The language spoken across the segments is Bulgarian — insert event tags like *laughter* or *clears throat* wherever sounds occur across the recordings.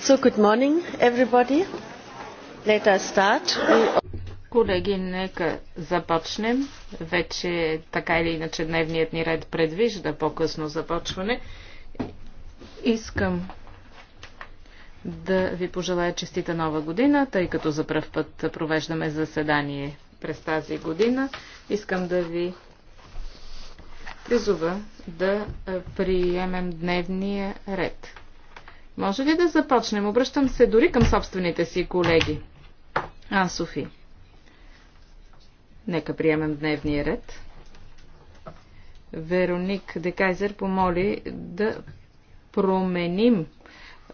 So good morning, everybody. Let us start. Колеги, нека започнем. Вече така или иначе дневният ни ред предвижда по-късно започване. Искам да ви пожелая честита нова година, тъй като за пръв път провеждаме заседание през тази година. Искам да ви призова да е, приемем дневния ред. Може ли да започнем? Обръщам се дори към собствените си колеги. А, Софи. Нека приемем дневния ред. Вероник Декайзер помоли да променим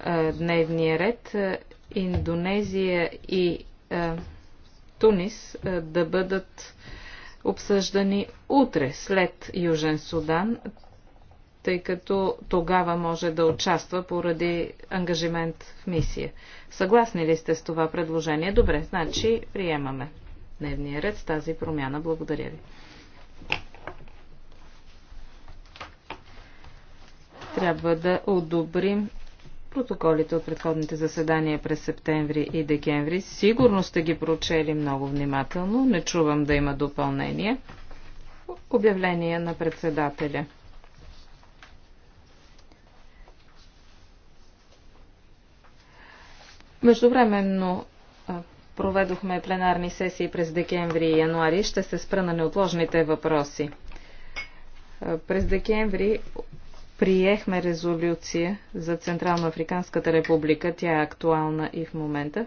а, е, дневния ред. Е, Индонезия и а, Тунис а, да бъдат а, обсъждани утре след Южен Судан, тъй като тогава може да участва поради ангажимент в мисия. Съгласни ли сте с това предложение? Добре, значи приемаме дневния ред с тази промяна. Благодаря ви. Трябва да одобрим Протоколите от предходните заседания през септември и декември сигурно сте ги прочели много внимателно. Не чувам да има допълнение. Обявление на председателя. Междувременно проведохме пленарни сесии през декември и януари. Ще се спра на неотложните въпроси. През декември приехме резолюция за Централно-Африканската република. Тя е актуална и в момента.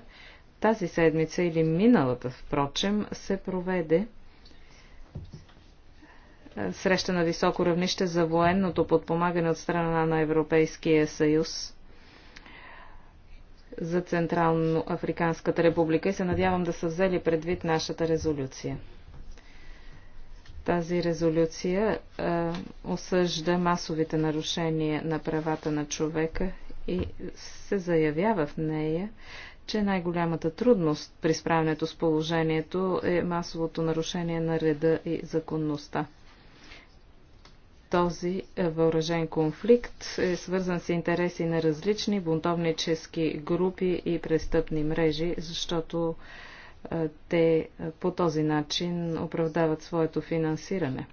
Тази седмица или миналата, впрочем, се проведе среща на високо равнище за военното подпомагане от страна на Европейския съюз за Централно-Африканската република и се надявам да са взели предвид нашата резолюция. Тази резолюция а, е, осъжда масовите нарушения на правата на човека и се заявява в нея, че най-голямата трудност при справянето с положението е масовото нарушение на реда и законността. Този е, въоръжен конфликт е свързан с интереси на различни бунтовнически групи и престъпни мрежи, защото е, те е, по този начин оправдават своето финансиране.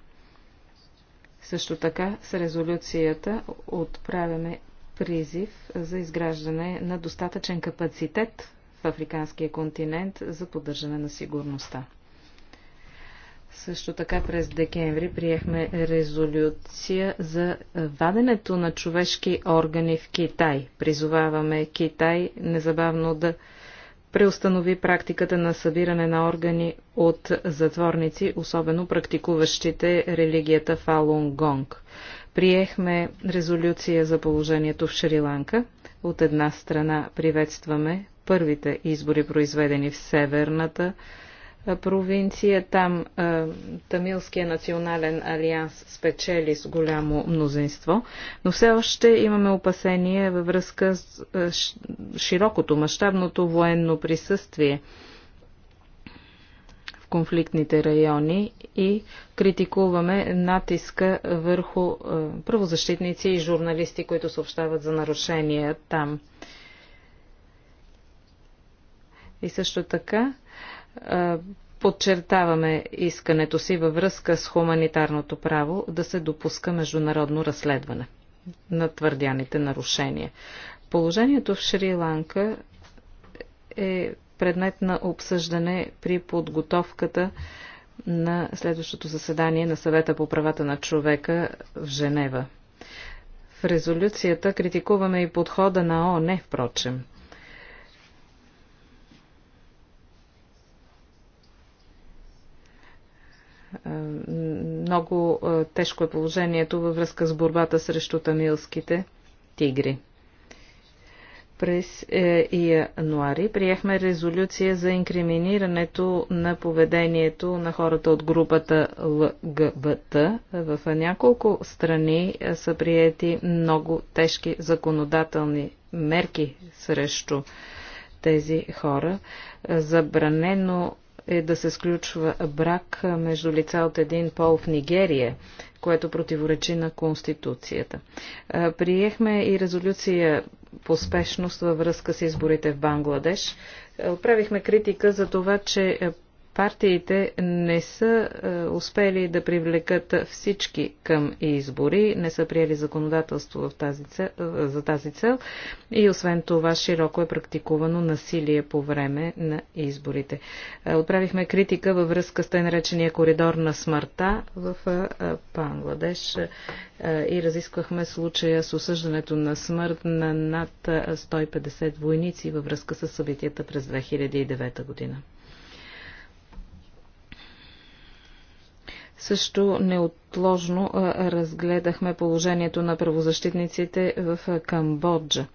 Също така с резолюцията отправяме призив за изграждане на достатъчен капацитет в африканския континент за поддържане на сигурността. Също така през декември приехме резолюция за ваденето на човешки органи в Китай. Призоваваме Китай незабавно да преустанови практиката на събиране на органи от затворници, особено практикуващите религията Фалун Гонг. Приехме резолюция за положението в Шри-Ланка. От една страна приветстваме първите избори, произведени в Северната провинция. Там е, Тамилския национален алианс спечели с голямо мнозинство, но все още имаме опасения във връзка с е, широкото, мащабното военно присъствие в конфликтните райони и критикуваме натиска върху е, правозащитници и журналисти, които съобщават за нарушения там. И също така подчертаваме искането си във връзка с хуманитарното право да се допуска международно разследване на твърдяните нарушения. Положението в Шри-Ланка е предмет на обсъждане при подготовката на следващото заседание на съвета по правата на човека в Женева. В резолюцията критикуваме и подхода на ОНЕ впрочем – Е, много е, тежко е положението във връзка с борбата срещу тамилските тигри. През е, януари приехме резолюция за инкриминирането на поведението на хората от групата ЛГБТ. В няколко страни са приети много тежки законодателни мерки срещу тези хора. Забранено е да се сключва брак между лица от един пол в Нигерия, което противоречи на Конституцията. Приехме и резолюция по спешност във връзка с изборите в Бангладеш. Отправихме критика за това, че партиите не са е, успели да привлекат всички към избори, не са приели законодателство в тази цел, е, за тази цел и освен това широко е практикувано насилие по време на изборите. Е, отправихме критика във връзка с тъй наречения коридор на смъртта в Пангладеш и разисквахме случая с осъждането на смърт на над 150 войници във връзка с събитията през 2009 година. Също неотложно разгледахме положението на правозащитниците в Камбоджа.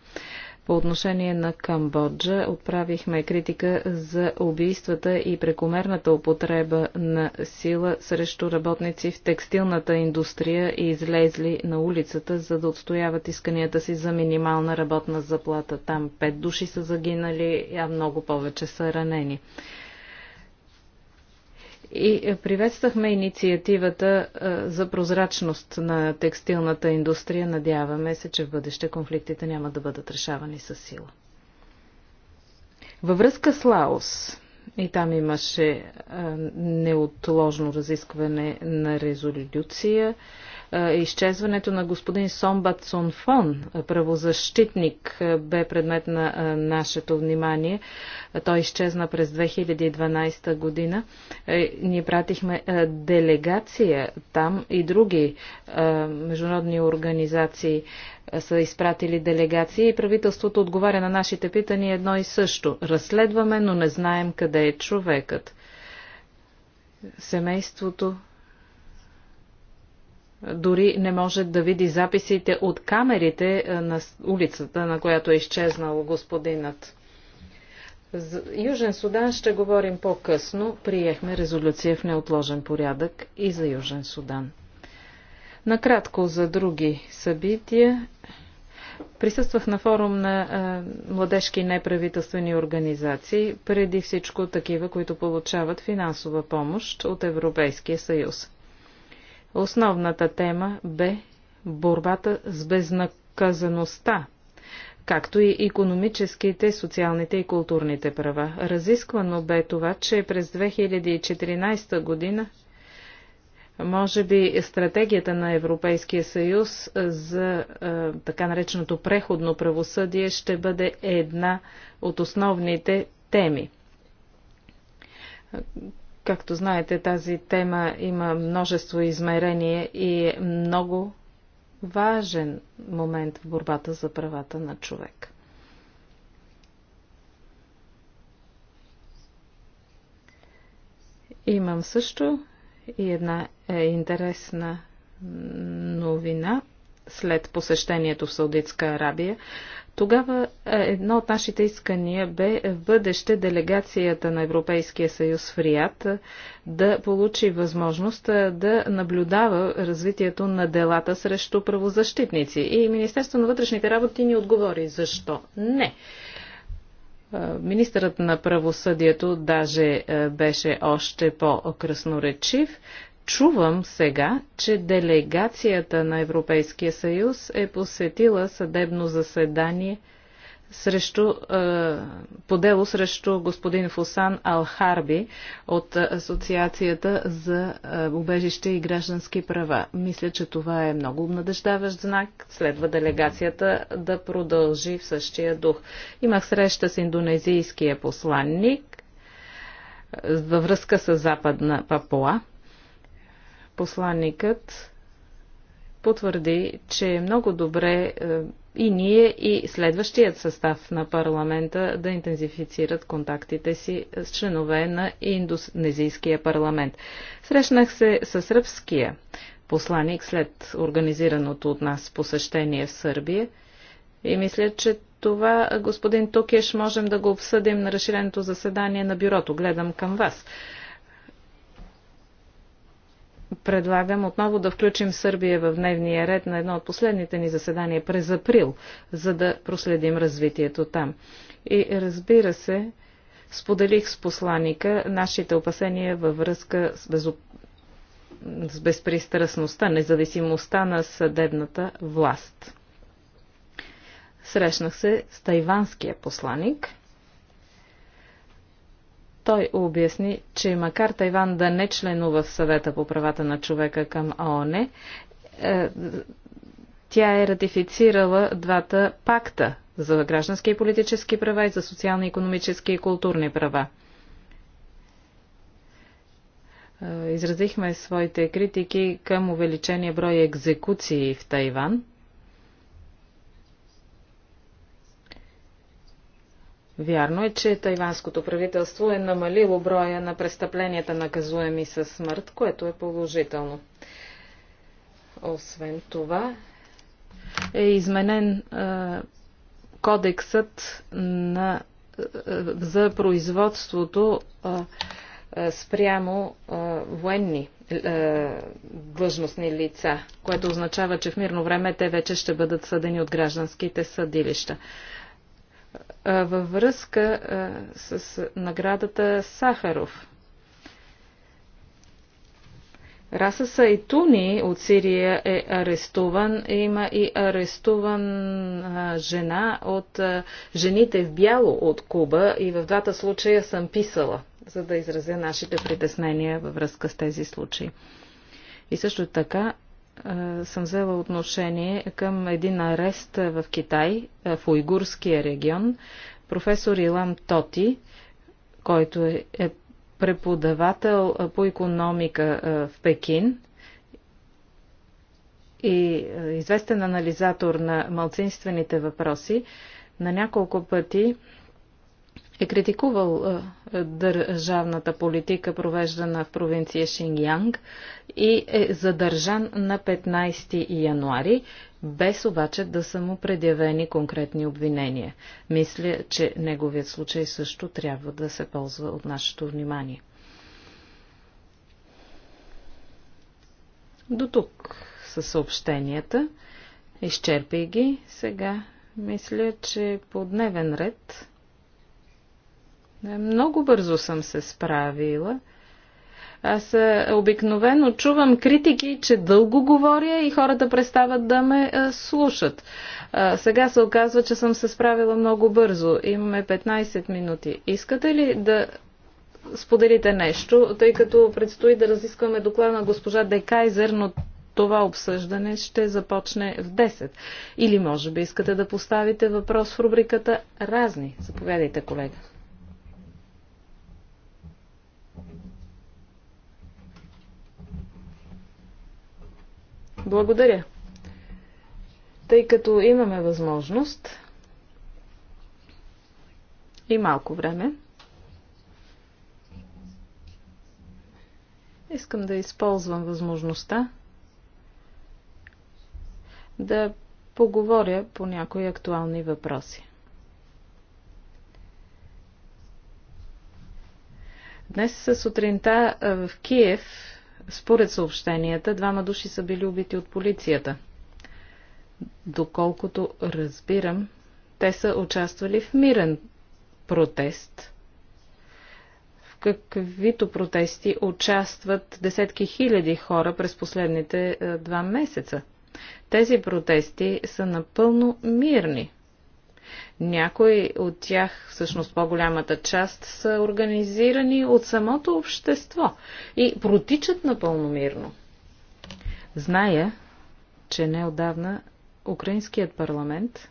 По отношение на Камбоджа отправихме критика за убийствата и прекомерната употреба на сила срещу работници в текстилната индустрия и излезли на улицата, за да отстояват исканията си за минимална работна заплата. Там пет души са загинали, а много повече са ранени и е, приветствахме инициативата е, за прозрачност на текстилната индустрия. Надяваме се, че в бъдеще конфликтите няма да бъдат решавани със сила. Във връзка с Лаос, и там имаше е, неотложно разискване на резолюция, е, изчезването на господин Сомбат Сонфон, е, правозащитник, е, бе предмет на нашето внимание. Той изчезна през 2012 година. Ние пратихме делегация там и други международни организации са изпратили делегации и правителството отговаря на нашите питания едно и също. Разследваме, но не знаем къде е човекът. Семейството дори не може да види записите от камерите е, на улицата, на която е изчезнал господинът. За Южен Судан ще говорим по-късно. Приехме резолюция в неотложен порядък и за Южен Судан. Накратко за други събития. Присъствах на форум на а, е, младежки неправителствени организации, преди всичко такива, които получават финансова помощ от Европейския съюз. Основната тема бе борбата с безнаказаността, както и економическите, социалните и културните права. Разисквано бе това, че през 2014 година може би стратегията на Европейския съюз за е, така нареченото преходно правосъдие ще бъде една от основните теми. Както знаете, тази тема има множество измерение и е много важен момент в борбата за правата на човек. Имам също и една е, интересна новина след посещението в Саудитска Арабия. Тогава е, едно от нашите искания бе в бъдеще делегацията на Европейския съюз в Риад е, да получи възможност е, да наблюдава развитието на делата срещу правозащитници. И Министерство на вътрешните работи ни отговори защо не. Министърът на правосъдието даже беше още по-красноречив. Чувам сега, че делегацията на Европейския съюз е посетила съдебно заседание срещу, е, по дело срещу господин Фусан Алхарби от Асоциацията за убежище и граждански права. Мисля, че това е много обнадеждаващ знак. Следва делегацията да продължи в същия дух. Имах среща с индонезийския посланник във връзка с Западна Папуа посланникът потвърди, че е много добре е, и ние, и следващият състав на парламента да интензифицират контактите си с членове на индонезийския парламент. Срещнах се с сръбския посланник след организираното от нас посещение в Сърбия и мисля, че това, господин Токеш, можем да го обсъдим на разширеното заседание на бюрото. Гледам към вас предлагам отново да включим Сърбия в дневния ред на едно от последните ни заседания през април, за да проследим развитието там. И разбира се, споделих с посланика нашите опасения във връзка с, безо... с безпристрастността, независимостта на съдебната власт. Срещнах се с тайванския посланик – той обясни, че макар Тайван да не членува в съвета по правата на човека към ООН, е, тя е ратифицирала двата пакта за граждански и политически права и за социални, економически и културни права. Е, изразихме своите критики към увеличение брой екзекуции в Тайван – Вярно е, че тайванското правителство е намалило броя на престъпленията наказуеми със смърт, което е положително. Освен това е изменен е, кодексът на, е, за производството е, спрямо е, военни длъжностни лица, което означава, че в мирно време те вече ще бъдат съдени от гражданските съдилища във връзка с наградата Сахаров. Раса Сайтуни от Сирия е арестуван. Има и арестуван а, жена от а, жените в бяло от Куба и в двата случая съм писала, за да изразя нашите притеснения във връзка с тези случаи. И също така съм взела отношение към един арест в Китай, в уйгурския регион, професор Илам Тоти, който е, е преподавател по економика в Пекин и известен анализатор на малцинствените въпроси, на няколко пъти е критикувал е, държавната политика, провеждана в провинция Шиньянг и е задържан на 15 януари, без обаче да са му предявени конкретни обвинения. Мисля, че неговият случай също трябва да се ползва от нашето внимание. До тук са съобщенията. Изчерпи ги. Сега мисля, че по дневен ред много бързо съм се справила. Аз е, обикновено чувам критики, че дълго говоря и хората престават да ме е, слушат. сега се оказва, че съм се справила много бързо. Имаме 15 минути. Искате ли да споделите нещо, тъй като предстои да разискваме доклада на госпожа Декайзер, но това обсъждане ще започне в 10. Или може би искате да поставите въпрос в рубриката Разни. Заповядайте, колега. Благодаря. Тъй като имаме възможност и малко време, искам да използвам възможността да поговоря по някои актуални въпроси. Днес сутринта в Киев според съобщенията, двама души са били убити от полицията. Доколкото разбирам, те са участвали в мирен протест. В каквито протести участват десетки хиляди хора през последните е, два месеца. Тези протести са напълно мирни. Някои от тях, всъщност по-голямата част, са организирани от самото общество и протичат напълно мирно. Зная, че неодавна Украинският парламент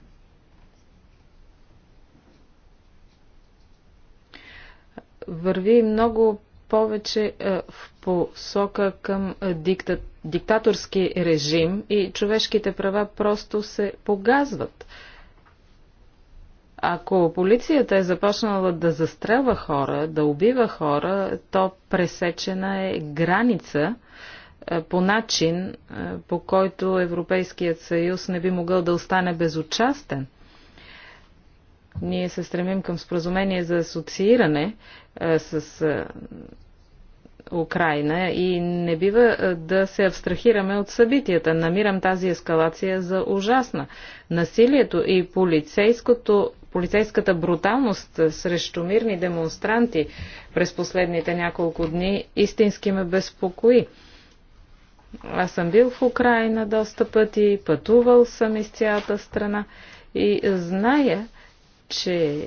върви много повече е, в посока към е, дикта, диктаторски режим и човешките права просто се погазват. Ако полицията е започнала да застрелва хора, да убива хора, то пресечена е граница е, по начин, е, по който Европейският съюз не би могъл да остане безучастен. Ние се стремим към споразумение за асоцииране е, с Украина и не бива да се абстрахираме от събитията. Намирам тази ескалация за ужасна. Насилието и полицейското полицейската бруталност срещу мирни демонстранти през последните няколко дни истински ме безпокои. Аз съм бил в Украина доста пъти, пътувал съм из цялата страна и зная, че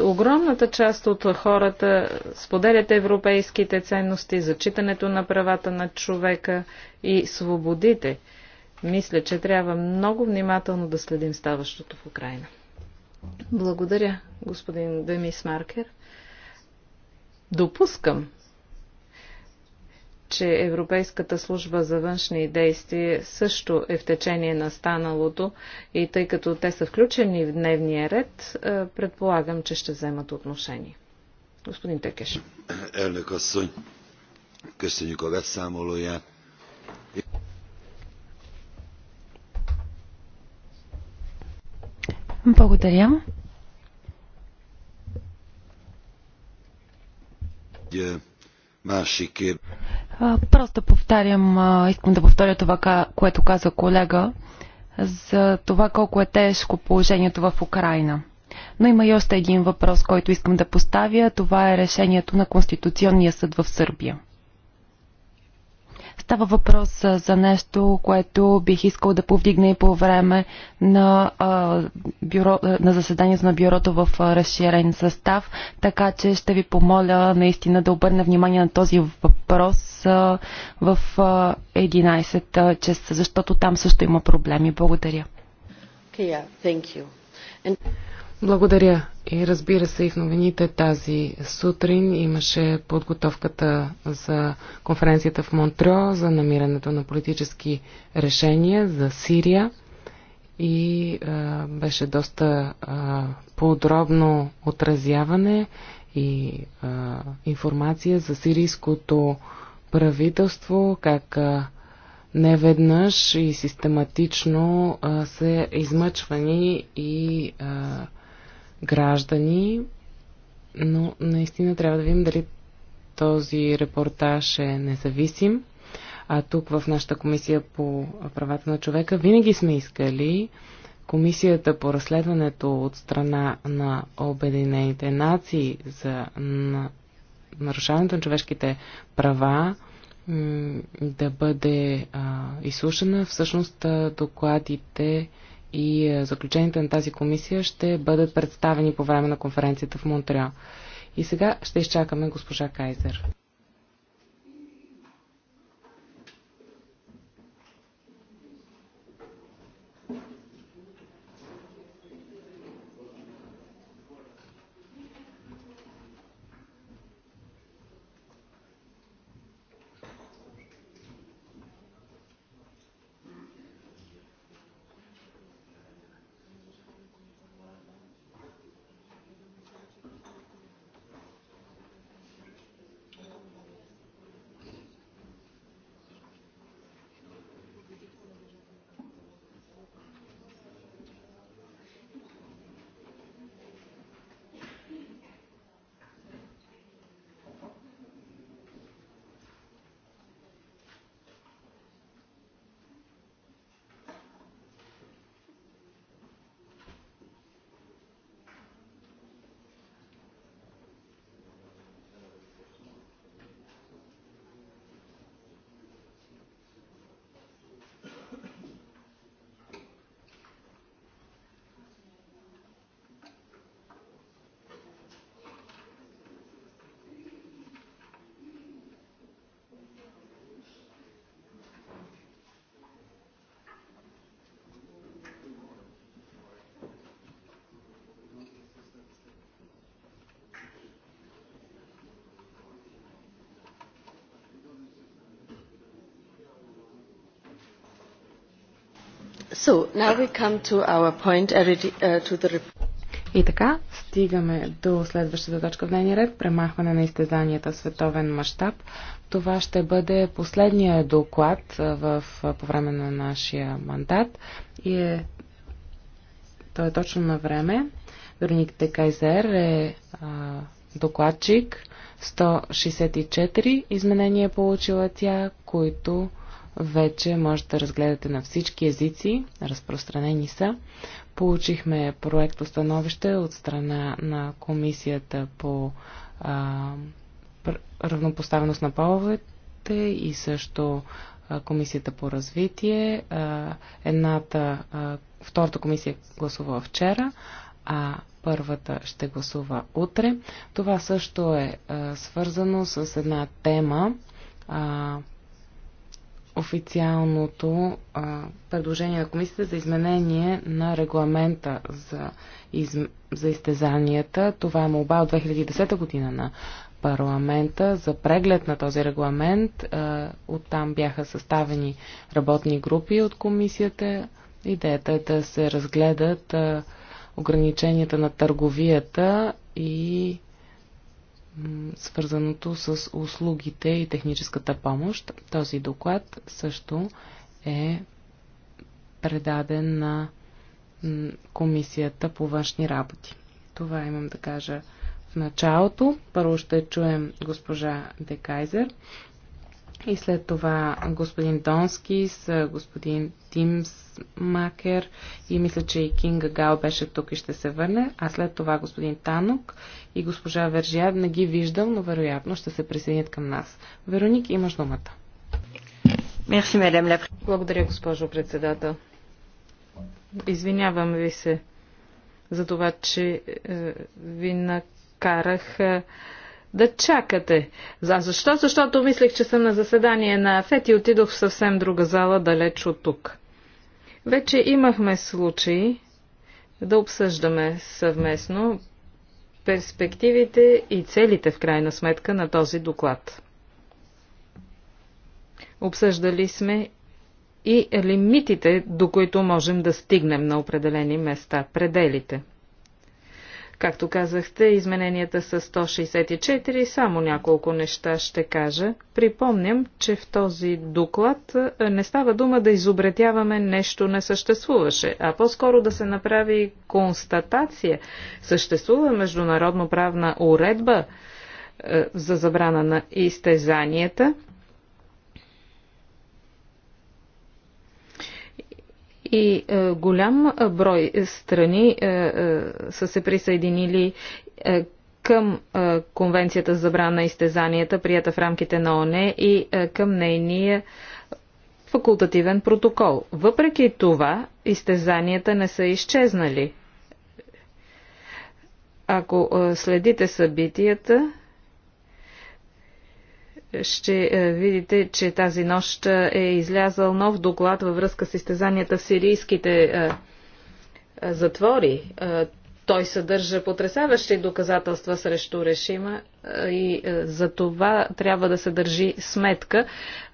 огромната част от хората споделят европейските ценности, зачитането на правата на човека и свободите. Мисля, че трябва много внимателно да следим ставащото в Украина. Благодаря, господин Демис Маркер. Допускам, че Европейската служба за външни действия също е в течение на станалото и тъй като те са включени в дневния ред, е, предполагам, че ще вземат отношение. Господин Текеш. Elnök asszony, köszönjük a Благодаря. Е, е- просто повтарям, искам да повторя това, което каза колега, за това колко е тежко положението в Украина. Но има и още един въпрос, който искам да поставя. Това е решението на Конституционния съд в Сърбия. Става въпрос за нещо, което бих искал да повдигна и по време на, бюро, на заседанието на бюрото в разширен състав, така че ще ви помоля наистина да обърна внимание на този въпрос в 11 часа, защото там също има проблеми. Благодаря. Okay, yeah, thank you. And... Благодаря. И разбира се, и в новините тази сутрин имаше подготовката за конференцията в Монтрео за намирането на политически решения за Сирия и а, беше доста а, подробно отразяване и а, информация за сирийското правителство, как а, неведнъж и систематично а, се измъчвани и а, граждани, но наистина трябва да видим дали този репортаж е независим. А тук в нашата комисия по правата на човека винаги сме искали комисията по разследването от страна на Обединените нации за нарушаването на човешките права да бъде а, изслушана. Всъщност докладите и е, заключенията на тази комисия ще бъдат представени по време на конференцията в Монтреал. И сега ще изчакаме госпожа Кайзер. Uh, uh, и така, стигаме до следващата точка в дневния ред премахване на изтезанията в световен мащаб. Това ще бъде последния доклад в, по време на нашия мандат и е, той е точно на време. Вероник Декайзер е а, докладчик. 164 изменения е получила тя, които вече може да разгледате на всички езици, разпространени са. Получихме проект установище от страна на Комисията по а, равнопоставеност на половете и също а, Комисията по развитие. А, едната, а, втората комисия гласува вчера, а първата ще гласува утре. Това също е а, свързано с една тема, а, официалното а, предложение на комисията за изменение на регламента за, из, за изтезанията. Това е молба от 2010 година на парламента за преглед на този регламент. А, оттам бяха съставени работни групи от комисията. Идеята е да се разгледат а, ограниченията на търговията и свързаното с услугите и техническата помощ. Този доклад също е предаден на Комисията по външни работи. Това имам да кажа в началото. Първо ще чуем госпожа Декайзер, и след това господин Донски с господин Тимс Макер и мисля, че и Кинга Гал беше тук и ще се върне, а след това господин Танок и госпожа Вержия не ги виждам, но вероятно ще се присъединят към нас. Вероник, имаш думата. Мерси, мадам Благодаря, госпожо председател. Извинявам ви се за това, че е, ви накарах е, да чакате. За защо? Защото мислех, че съм на заседание на АФЕТ и отидох в съвсем друга зала, далеч от тук. Вече имахме случаи да обсъждаме съвместно перспективите и целите в крайна сметка на този доклад. Обсъждали сме и лимитите, до които можем да стигнем на определени места, пределите. Както казахте, измененията са 164, само няколко неща ще кажа. Припомням, че в този доклад не става дума да изобретяваме нещо не съществуваше, а по-скоро да се направи констатация. Съществува международно правна уредба за забрана на изтезанията – и е, голям е, брой страни е, са се присъединили към Конвенцията за забрана на изтезанията, прията в рамките на ОНЕ и към нейния факултативен протокол. Въпреки това, изтезанията не са изчезнали. Ако следите събитията, ще е, видите, че тази нощ е, е излязъл нов доклад във връзка с изтезанията в сирийските е, затвори. Той съдържа потрясаващи доказателства срещу решима и е, за това трябва да се държи сметка.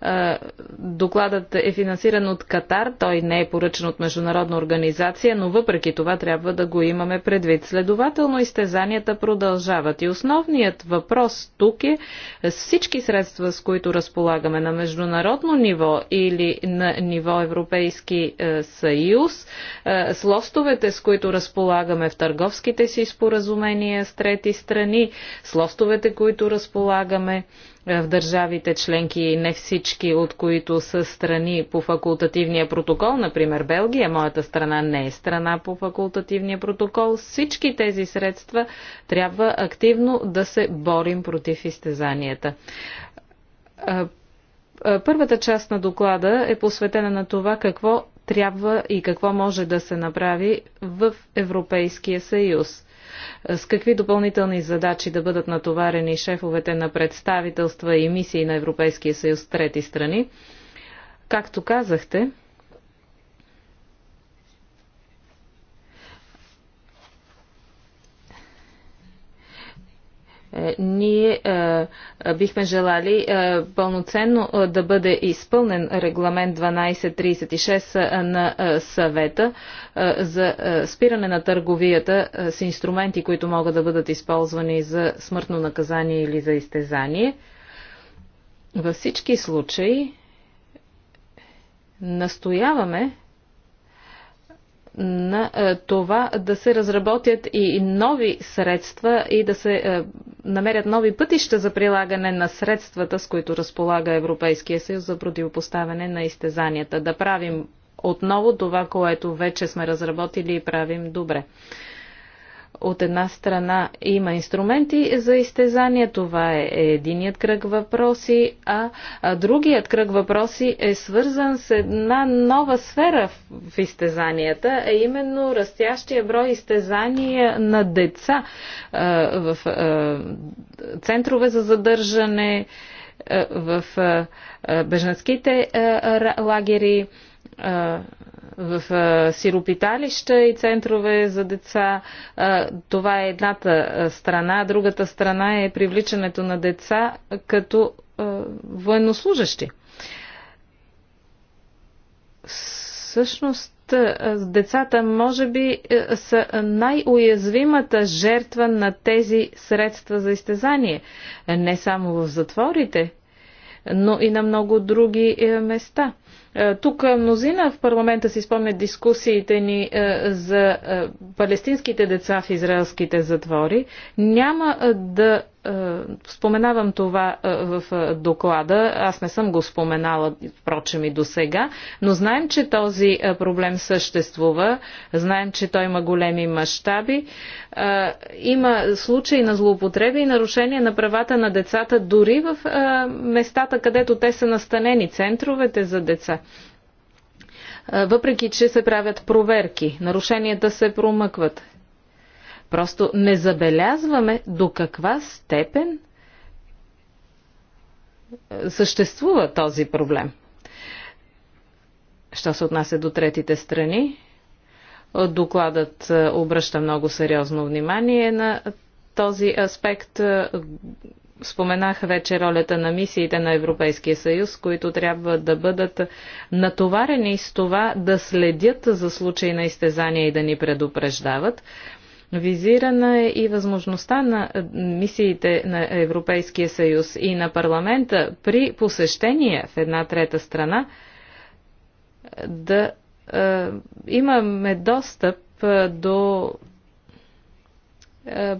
Е, докладът е финансиран от Катар, той не е поръчен от международна организация, но въпреки това трябва да го имаме предвид. Следователно изтезанията продължават и основният въпрос тук е, е всички средства, с които разполагаме на международно ниво или на ниво Европейски съюз, с лостовете, с които разполагаме в търговските си споразумения с трети страни, с лостовете, фондовете, които разполагаме е, в държавите членки, не всички от които са страни по факултативния протокол. Например, Белгия, моята страна, не е страна по факултативния протокол. Всички тези средства трябва активно да се борим против изтезанията. Е, е, първата част на доклада е посветена на това какво трябва и какво може да се направи в Европейския съюз. С какви допълнителни задачи да бъдат натоварени шефовете на представителства и мисии на Европейския съюз трети страни? Както казахте, Е, ние е, е, бихме желали пълноценно да бъде изпълнен регламент 1236 на съвета за спиране на търговията с инструменти, които могат да бъдат използвани за смъртно наказание или за изтезание. Във всички случаи настояваме на е, това да се разработят и нови средства и да се е, намерят нови пътища за прилагане на средствата, с които разполага Европейския съюз за противопоставяне на изтезанията. Да правим отново това, което вече сме разработили и правим добре. От една страна има инструменти за изтезания, това е единият кръг въпроси, а другият кръг въпроси е свързан с една нова сфера в изтезанията, а именно растящия брой изтезания на деца в центрове за задържане, в бежанските лагери в сиропиталища и центрове за деца. Това е едната страна. Другата страна е привличането на деца като военнослужащи. Всъщност, децата може би са най-уязвимата жертва на тези средства за изтезание. Не само в затворите, но и на много други е, места. Е, тук мнозина в парламента си спомнят дискусиите ни е, за е, палестинските деца в израелските затвори. Няма да е, споменавам това е, в е, доклада. Аз не съм го споменала, впрочем, и до сега, но знаем, че този проблем съществува. Знаем, че той има големи мащаби. Има случаи на злоупотреби и нарушение на правата на децата дори в местата, където те са настанени, центровете за деца въпреки че се правят проверки, нарушенията се промъкват. Просто не забелязваме до каква степен е, съществува този проблем. Що се отнася до третите страни, е, докладът е, обръща много сериозно внимание на този аспект. Споменах вече ролята на мисиите на Европейския съюз, които трябва да бъдат натоварени с това да следят за случаи на изтезания и да ни предупреждават. Визирана е и възможността на е, мисиите на Европейския съюз и на парламента при посещение в една трета страна е, да е, имаме достъп е, до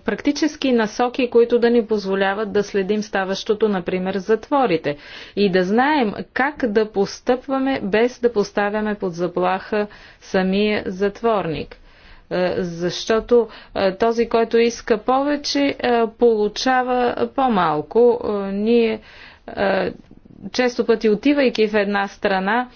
практически насоки, които да ни позволяват да следим ставащото, например, затворите и да знаем как да постъпваме без да поставяме под заплаха самия затворник – е, защото е, този, който иска повече, е, получава по-малко. Ние често пъти отивайки в една страна,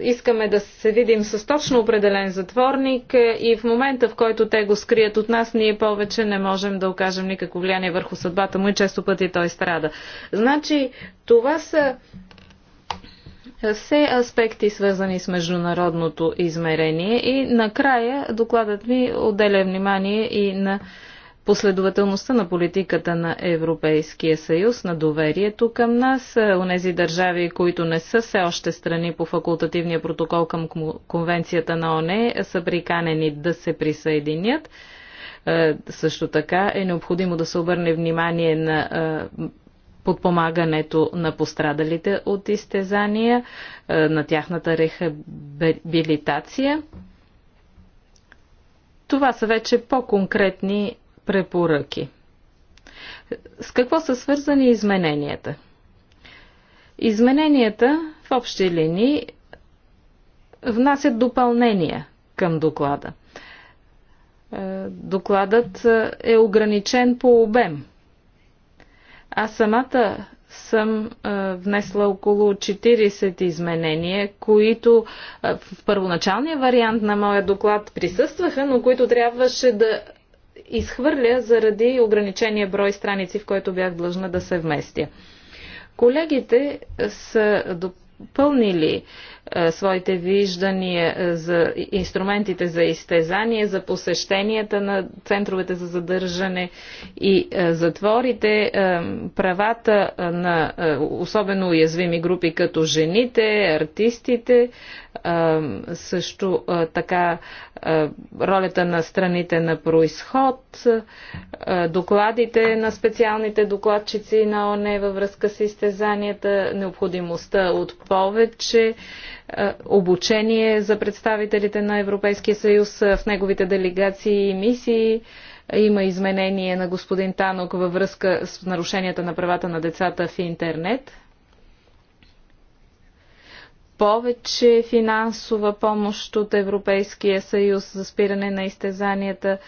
искаме да се видим с точно определен затворник и в момента, в който те го скрият от нас, ние повече не можем да окажем никакво влияние върху съдбата му и често пъти той страда. Значи, това са все аспекти, свързани с международното измерение. И накрая докладът ми отделя внимание и на последователността на политиката на Европейския съюз, на доверието към нас, онези държави, които не са все още страни по факултативния протокол към Конвенцията на ОНЕ, са приканени да се присъединят. Е, също така е необходимо да се обърне внимание на е, подпомагането на пострадалите от изтезания, е, на тяхната рехабилитация. Това са вече по-конкретни препоръки. С какво са свързани измененията? Измененията в общи линии внасят допълнения към доклада. Е, докладът е ограничен по обем – аз самата съм а, внесла около 40 изменения, които а, в първоначалния вариант на моя доклад присъстваха, но които трябваше да изхвърля заради ограничения брой страници, в който бях длъжна да се вместя. Колегите са допълнили е, своите виждания е, за инструментите за изтезание, за посещенията на центровете за задържане и е, затворите, правата на особено уязвими групи като жените, артистите, също така ролята на страните на происход, докладите на специалните докладчици на ОНЕ във връзка с изтезанията, необходимостта от повече е, обучение за представителите на Европейския съюз е, в неговите делегации и мисии. Има изменение на господин Танок във връзка с нарушенията на правата на децата в интернет. Повече финансова помощ от Европейския съюз за спиране на изтезанията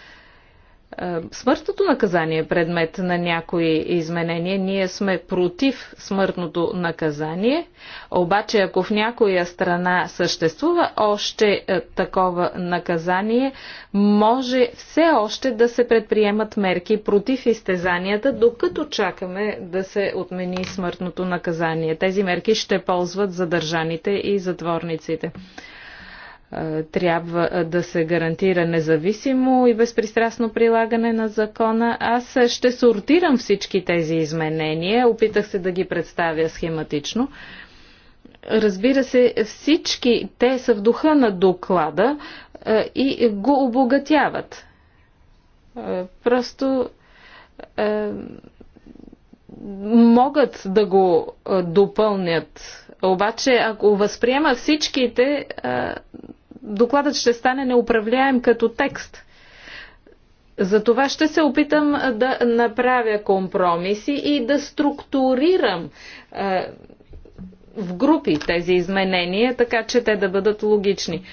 е, смъртното наказание е предмет на някои изменения. Ние сме против смъртното наказание, обаче ако в някоя страна съществува още е, такова наказание, може все още да се предприемат мерки против изтезанията, докато чакаме да се отмени смъртното наказание. Тези мерки ще ползват задържаните и затворниците. Е, трябва е, да се гарантира независимо и безпристрастно прилагане на закона. Аз е, ще сортирам всички тези изменения. Опитах се да ги представя схематично. Разбира се, всички те са в духа на доклада и го обогатяват. Просто могат да го допълнят. Обаче, ако възприема всичките, докладът ще стане неуправляем като текст. За това ще се опитам да направя компромиси и да структурирам е, в групи тези изменения, така че те да бъдат логични.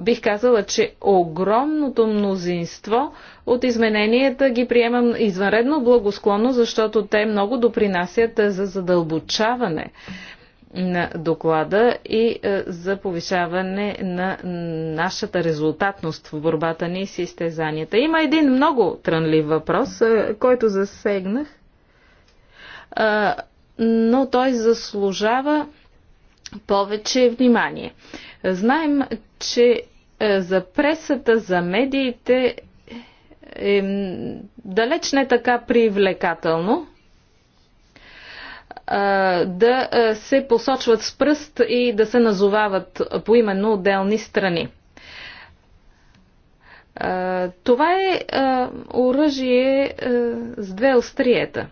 Бих казала, че огромното мнозинство от измененията ги приемам извънредно благосклонно, защото те много допринасят за задълбочаване на доклада и е, за повишаване на нашата резултатност в борбата ни с изтезанията. Има един много трънлив въпрос, е, който засегнах, е, но той заслужава повече внимание. Знаем, че за пресата, за медиите е далеч не така привлекателно – да се посочват с пръст и да се назовават поименно отделни страни. Това е оръжие с две остриета.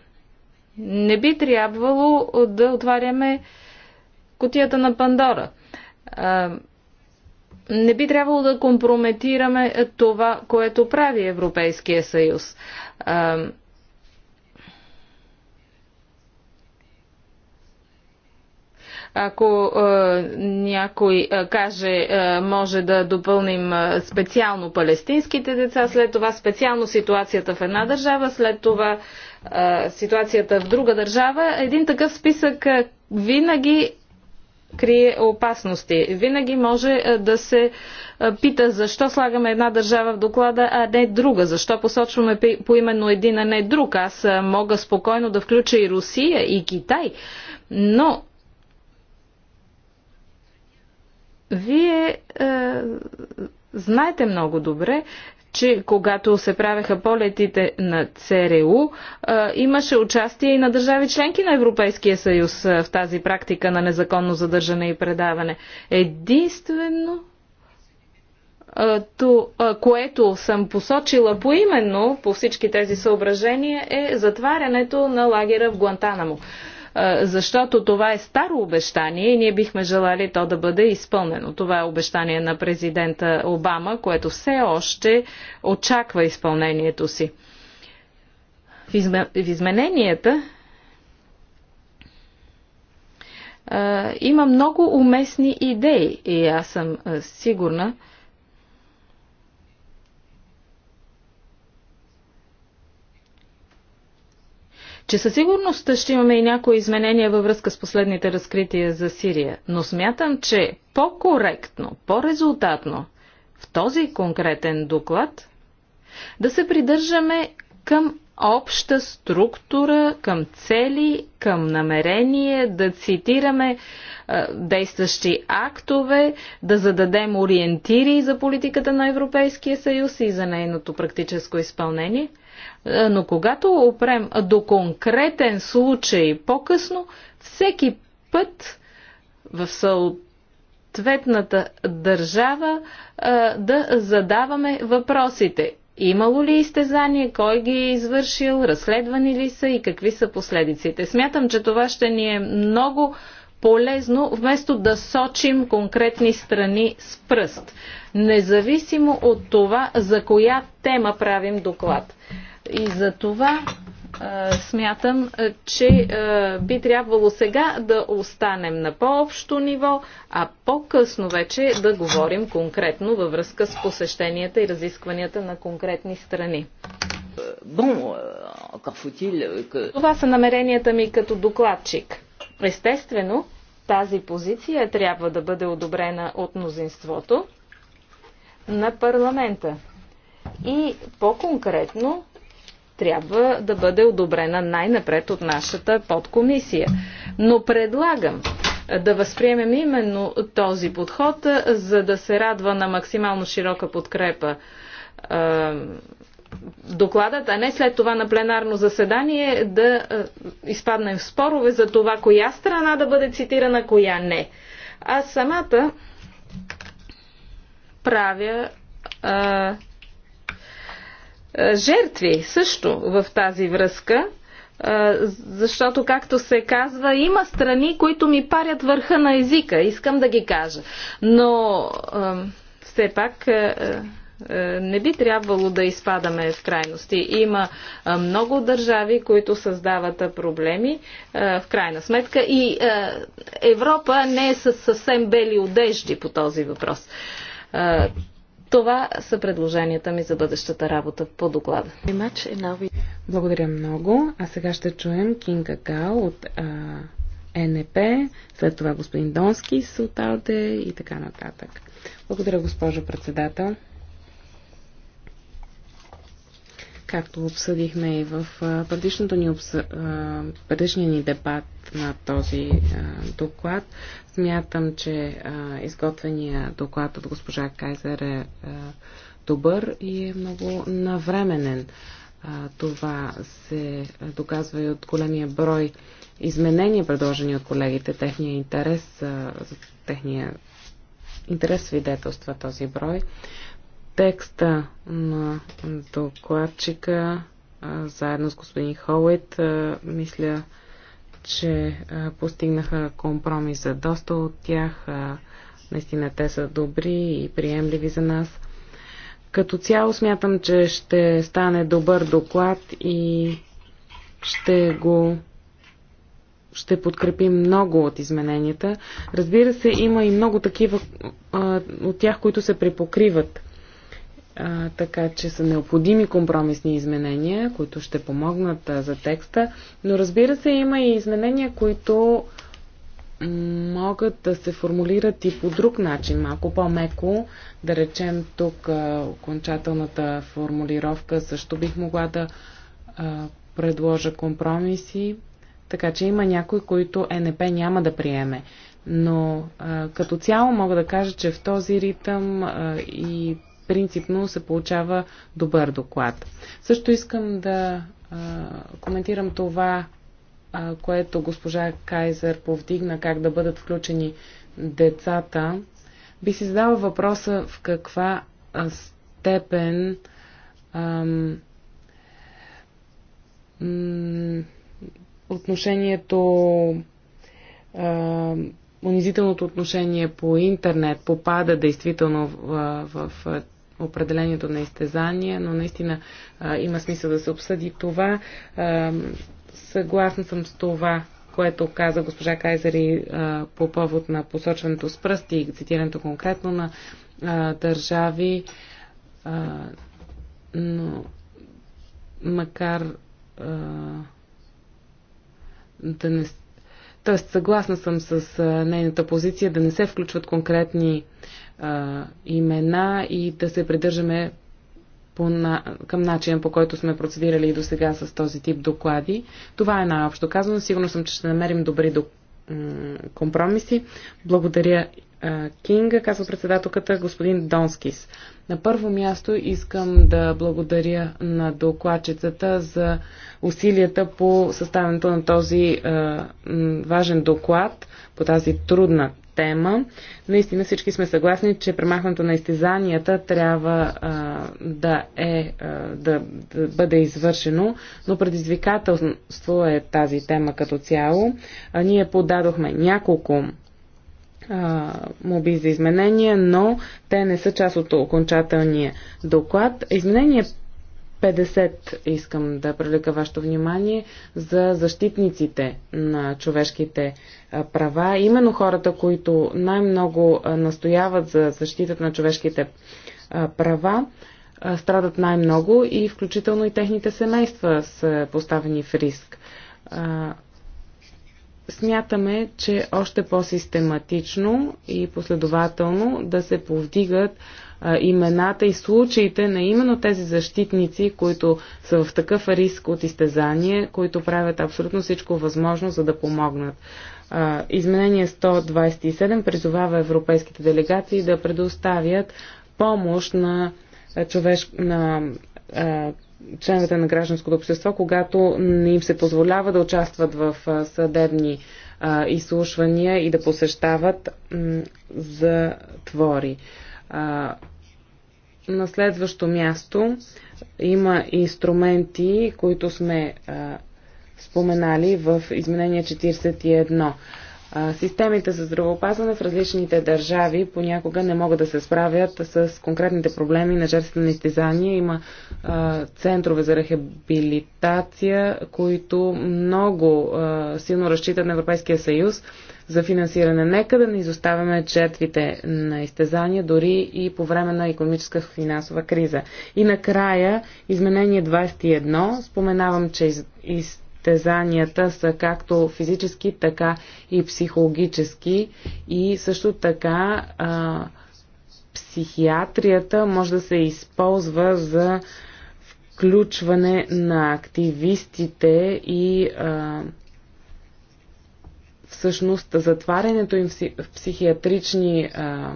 Не би трябвало да отваряме котията на Пандора. Не би трябвало да компрометираме това, което прави Европейския съюз. Ако е, някой е, каже, е, може да допълним е, специално палестинските деца, след това специално ситуацията в една държава, след това е, ситуацията в друга държава, един такъв списък е, винаги крие опасности. Винаги може е, да се е, пита защо слагаме една държава в доклада, а не друга. Защо посочваме поименно един, а не друг. Аз е, мога спокойно да включа и Русия, и Китай. Но Вие е, знаете много добре, че когато се правеха полетите на ЦРУ, е, имаше участие и на държави членки на Европейския съюз е, в тази практика на незаконно задържане и предаване. Единствено е, то, е, което съм посочила поименно по всички тези съображения е затварянето на лагера в Гуантанамо защото това е старо обещание и ние бихме желали то да бъде изпълнено. Това е обещание на президента Обама, което все още очаква изпълнението си. В измененията има много уместни идеи и аз съм сигурна, че със сигурност ще имаме и някои изменения във връзка с последните разкрития за Сирия, но смятам, че по-коректно, по-резултатно в този конкретен доклад да се придържаме към обща структура, към цели, към намерение, да цитираме е, действащи актове, да зададем ориентири за политиката на Европейския съюз и за нейното практическо изпълнение – е, но когато опрем до конкретен случай по-късно, всеки път в съответната държава е, да задаваме въпросите. Имало ли изтезание, кой ги е извършил, разследвани ли са и какви са последиците. Смятам, че това ще ни е много полезно, вместо да сочим конкретни страни с пръст, независимо от това за коя тема правим доклад. И за това смятам, че би трябвало сега да останем на по-общо ниво, а по-късно вече да говорим конкретно във връзка с посещенията и разискванията на конкретни страни. Bon, euh, que... Това са намеренията ми като докладчик. Естествено, тази позиция трябва да бъде одобрена от мнозинството на парламента. И по-конкретно трябва да бъде одобрена най-напред от нашата подкомисия. Но предлагам да възприемем именно този подход, за да се радва на максимално широка подкрепа докладът, а не след това на пленарно заседание да изпаднем в спорове за това коя страна да бъде цитирана, коя не. А самата правя а, жертви също в тази връзка, защото, както се казва, има страни, които ми парят върха на езика, искам да ги кажа. Но все пак не би трябвало да изпадаме в крайности. Има много държави, които създават проблеми в крайна сметка и Европа не е със съвсем бели одежди по този въпрос. Това са предложенията ми за бъдещата работа по доклада. Благодаря много. А сега ще чуем Кинга Гал от а, НП, след това господин Донски с Оталде и така нататък. Благодаря, госпожо председател. Както обсъдихме и в предишното ни обс... предишния ни дебат на този доклад, смятам, че изготвения доклад от госпожа Кайзер е добър и е много навременен. Това се доказва и от големия брой изменения, предложени от колегите. Техния интерес, техния интерес свидетелства този брой текста на докладчика заедно с господин Холит. Мисля, че постигнаха компромис за доста от тях. Наистина те са добри и приемливи за нас. Като цяло смятам, че ще стане добър доклад и ще го ще подкрепим много от измененията. Разбира се, има и много такива от тях, които се припокриват а, така че са необходими компромисни изменения, които ще помогнат а, за текста. Но разбира се, има и изменения, които могат да се формулират и по друг начин, малко по-меко. Да речем тук а, окончателната формулировка също бих могла да а, предложа компромиси. Така че има някои, които е НП няма да приеме. Но а, като цяло мога да кажа, че в този ритъм а, и принципно се получава добър доклад. Също искам да а, коментирам това, а, което госпожа Кайзер повдигна, как да бъдат включени децата. Би си задала въпроса в каква степен ам, отношението ам, унизителното отношение по интернет попада действително в, в, в определението на изтезания, но наистина а, има смисъл да се обсъди това. А, съгласна съм с това, което каза госпожа Кайзери а, по повод на посочването с пръсти и цитирането конкретно на а, държави. А, но макар а, да не Тоест, съгласна съм с нейната позиция да не се включват конкретни а, имена и да се придържаме по на... към начина по който сме процедирали и до сега с този тип доклади. Това е най-общо казано. Сигурно съм, че ще намерим добри до... компромиси. Благодаря Кинга, казва председателката господин Донскис. На първо място искам да благодаря на докладчицата за усилията по съставянето на този важен доклад по тази трудна тема. Наистина всички сме съгласни, че премахването на изтезанията трябва а, да, е, а, да, да бъде извършено, но предизвикателство е тази тема като цяло. А, ние подадохме няколко моби за изменения, но те не са част от окончателния доклад. Изменение 50 искам да привлека вашето внимание за защитниците на човешките права. Именно хората, които най-много настояват за защитата на човешките права, страдат най-много и включително и техните семейства са поставени в риск смятаме, че е още по-систематично и последователно да се повдигат а, имената и случаите на именно тези защитници, които са в такъв риск от изтезание, които правят абсолютно всичко възможно, за да помогнат. А, изменение 127 призовава европейските делегации да предоставят помощ на, човеш... на а, членовете на гражданското общество, когато не им се позволява да участват в съдебни изслушвания и да посещават затвори. На следващо място има инструменти, които сме споменали в изменение 41. Системите за здравеопазване в различните държави понякога не могат да се справят с конкретните проблеми на жертвите на изтезания. Има а, центрове за рехабилитация, които много а, силно разчитат на Европейския съюз за финансиране. Нека да не изоставяме жертвите на изтезания дори и по време на економическа финансова криза. И накрая, изменение 21, споменавам, че из, из, тезанията са както физически, така и психологически и също така а, психиатрията може да се използва за включване на активистите и а, всъщност затварянето им в психиатрични а,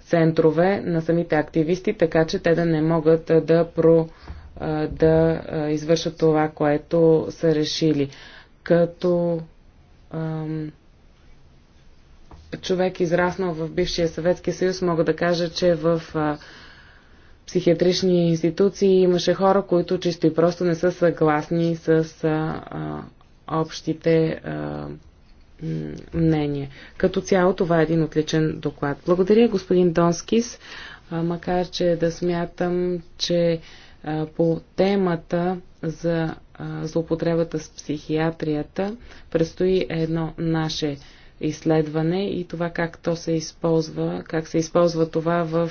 центрове на самите активисти, така че те да не могат да про да извършат това, което са решили. Като ам, човек израснал в бившия Съветски съюз, мога да кажа, че в а, психиатрични институции имаше хора, които чисто и просто не са съгласни с а, а, общите а, мнения. Като цяло това е един отличен доклад. Благодаря господин Донскис, а, макар че да смятам, че по темата за злоупотребата с психиатрията предстои едно наше изследване и това как то се използва, как се използва това в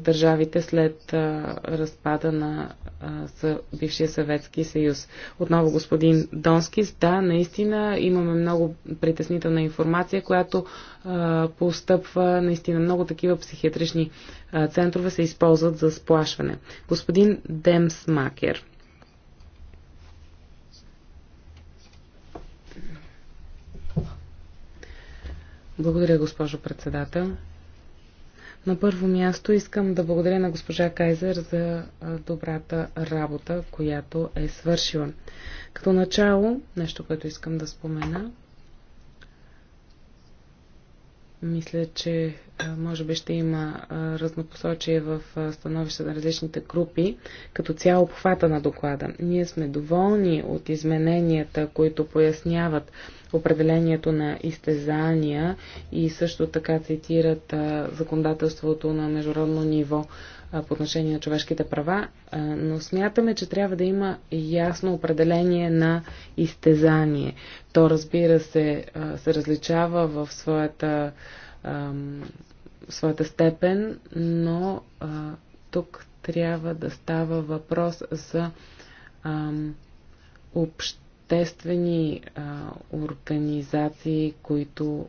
държавите след разпада на бившия Съветски съюз. Отново господин Донскис, да, наистина имаме много притеснителна информация, която постъпва наистина много такива психиатрични центрове се използват за сплашване. Господин Демсмакер. Благодаря, госпожо председател. На първо място искам да благодаря на госпожа Кайзер за добрата работа, която е свършила. Като начало, нещо, което искам да спомена, мисля, че може би ще има разнопосочие в становища на различните групи, като цяло обхвата на доклада. Ние сме доволни от измененията, които поясняват определението на изтезания и също така цитират законодателството на международно ниво по отношение на човешките права, но смятаме, че трябва да има ясно определение на изтезание. То, разбира се, се различава в своята, своята степен, но тук трябва да става въпрос за общ обществени а, организации, които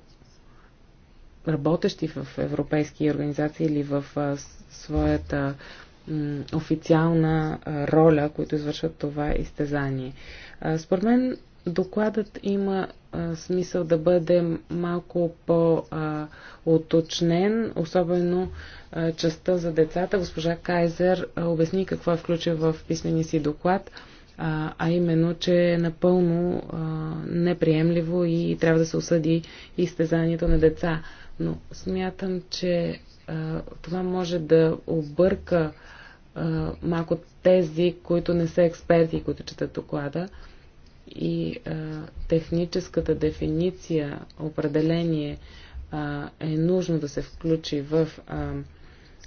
работещи в европейски организации или в а, своята м, официална а, роля, които извършват това изтезание. А, според мен докладът има а, смисъл да бъде малко по-уточнен, особено а, частта за децата. Госпожа Кайзер а, обясни какво е включил в писмения си доклад. А, а, а именно, че е напълно а, неприемливо и трябва да се осъди изтезанието на деца. Но смятам, че а, това може да обърка а, малко тези, които не са експерти, които четат доклада. И а, техническата дефиниция, определение а, е нужно да се включи в. А,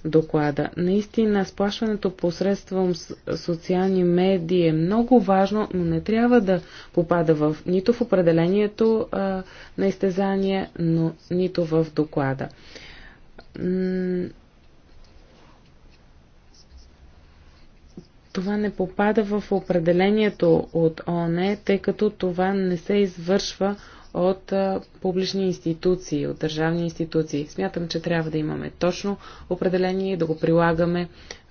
доклада. Наистина, сплашването посредством социални медии е много важно, но не трябва да попада в, нито в определението а, на изтезание, но нито в доклада. Това не попада в определението от ОНЕ, тъй като това не се извършва от а, публични институции, от държавни институции. Смятам, че трябва да имаме точно определение и да го прилагаме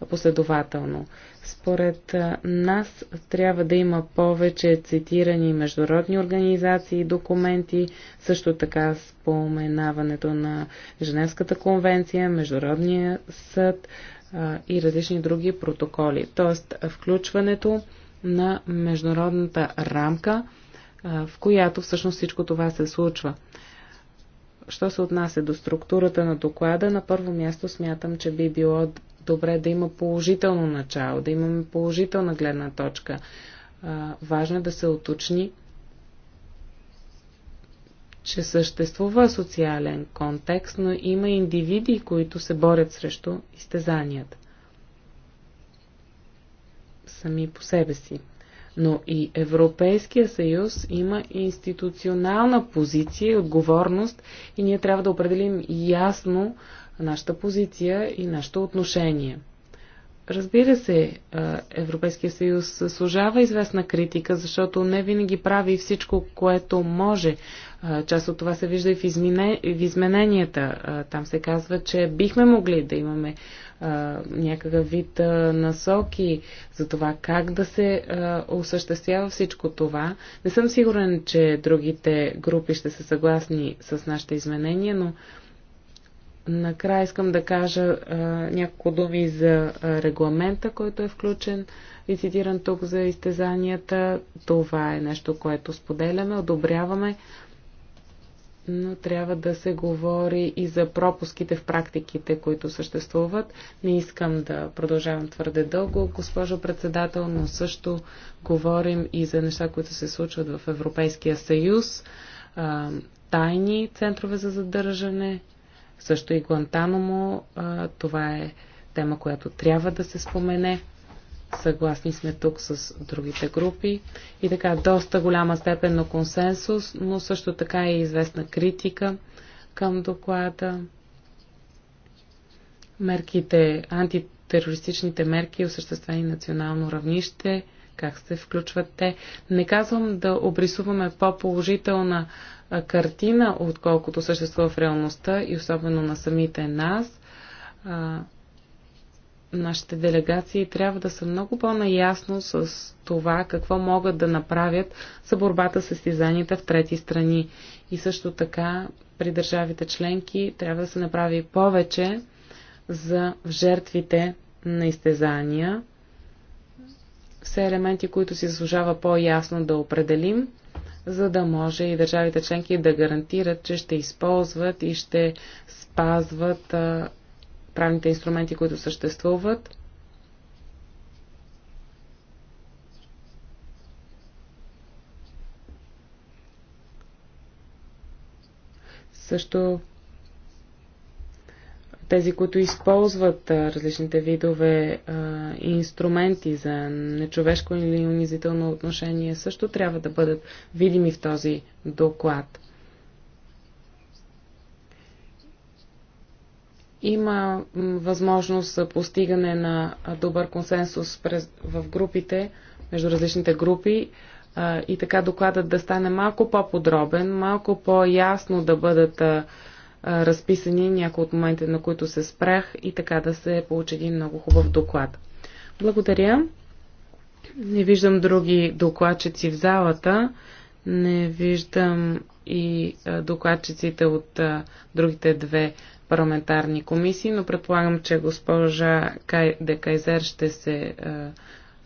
последователно. Според а, нас трябва да има повече цитирани международни организации и документи, също така споменаването на Женевската конвенция, Международния съд а, и различни други протоколи. Тоест, включването на международната рамка – в която всъщност всичко това се случва. Що се отнася до структурата на доклада, на първо място смятам, че би било добре да има положително начало, да имаме положителна гледна точка. Важно е да се уточни, че съществува социален контекст, но има индивиди, които се борят срещу изтезанията. Сами по себе си но и Европейския съюз има институционална позиция и отговорност и ние трябва да определим ясно нашата позиция и нашето отношение. Разбира се, Европейския съюз служава известна критика, защото не винаги прави всичко, което може. Част от това се вижда и в, измене, в измененията. Там се казва, че бихме могли да имаме някакъв вид насоки за това как да се осъществява всичко това. Не съм сигурен, че другите групи ще са съгласни с нашите изменения, но Накрая искам да кажа а, няколко думи за регламента, който е включен и цитиран тук за изтезанията. Това е нещо, което споделяме, одобряваме, но трябва да се говори и за пропуските в практиките, които съществуват. Не искам да продължавам твърде дълго, госпожо председател, но също говорим и за неща, които се случват в Европейския съюз. А, тайни центрове за задържане, също и Гуантанамо, това е тема, която трябва да се спомене. Съгласни сме тук с другите групи. И така, доста голяма степен на консенсус, но също така и е известна критика към доклада. Мерките, антитерористичните мерки, осъществени национално равнище, как се включват те. Не казвам да обрисуваме по-положителна картина, отколкото съществува в реалността и особено на самите нас. А, нашите делегации трябва да са много по-наясно с това какво могат да направят за борбата с изтезанията в трети страни. И също така при държавите членки трябва да се направи повече за жертвите на изтезания. Все елементи, които си заслужава по-ясно да определим за да може и държавите членки да гарантират, че ще използват и ще спазват правните инструменти, които съществуват. Също тези, които използват различните видове а, инструменти за нечовешко или унизително отношение, също трябва да бъдат видими в този доклад. Има възможност за постигане на добър консенсус през, в групите, между различните групи а, и така докладът да стане малко по-подробен, малко по-ясно да бъдат. А, разписани някои от моментите, на които се спрях и така да се получи един много хубав доклад. Благодаря. Не виждам други докладчици в залата. Не виждам и докладчиците от другите две парламентарни комисии, но предполагам, че госпожа де Кайзер ще се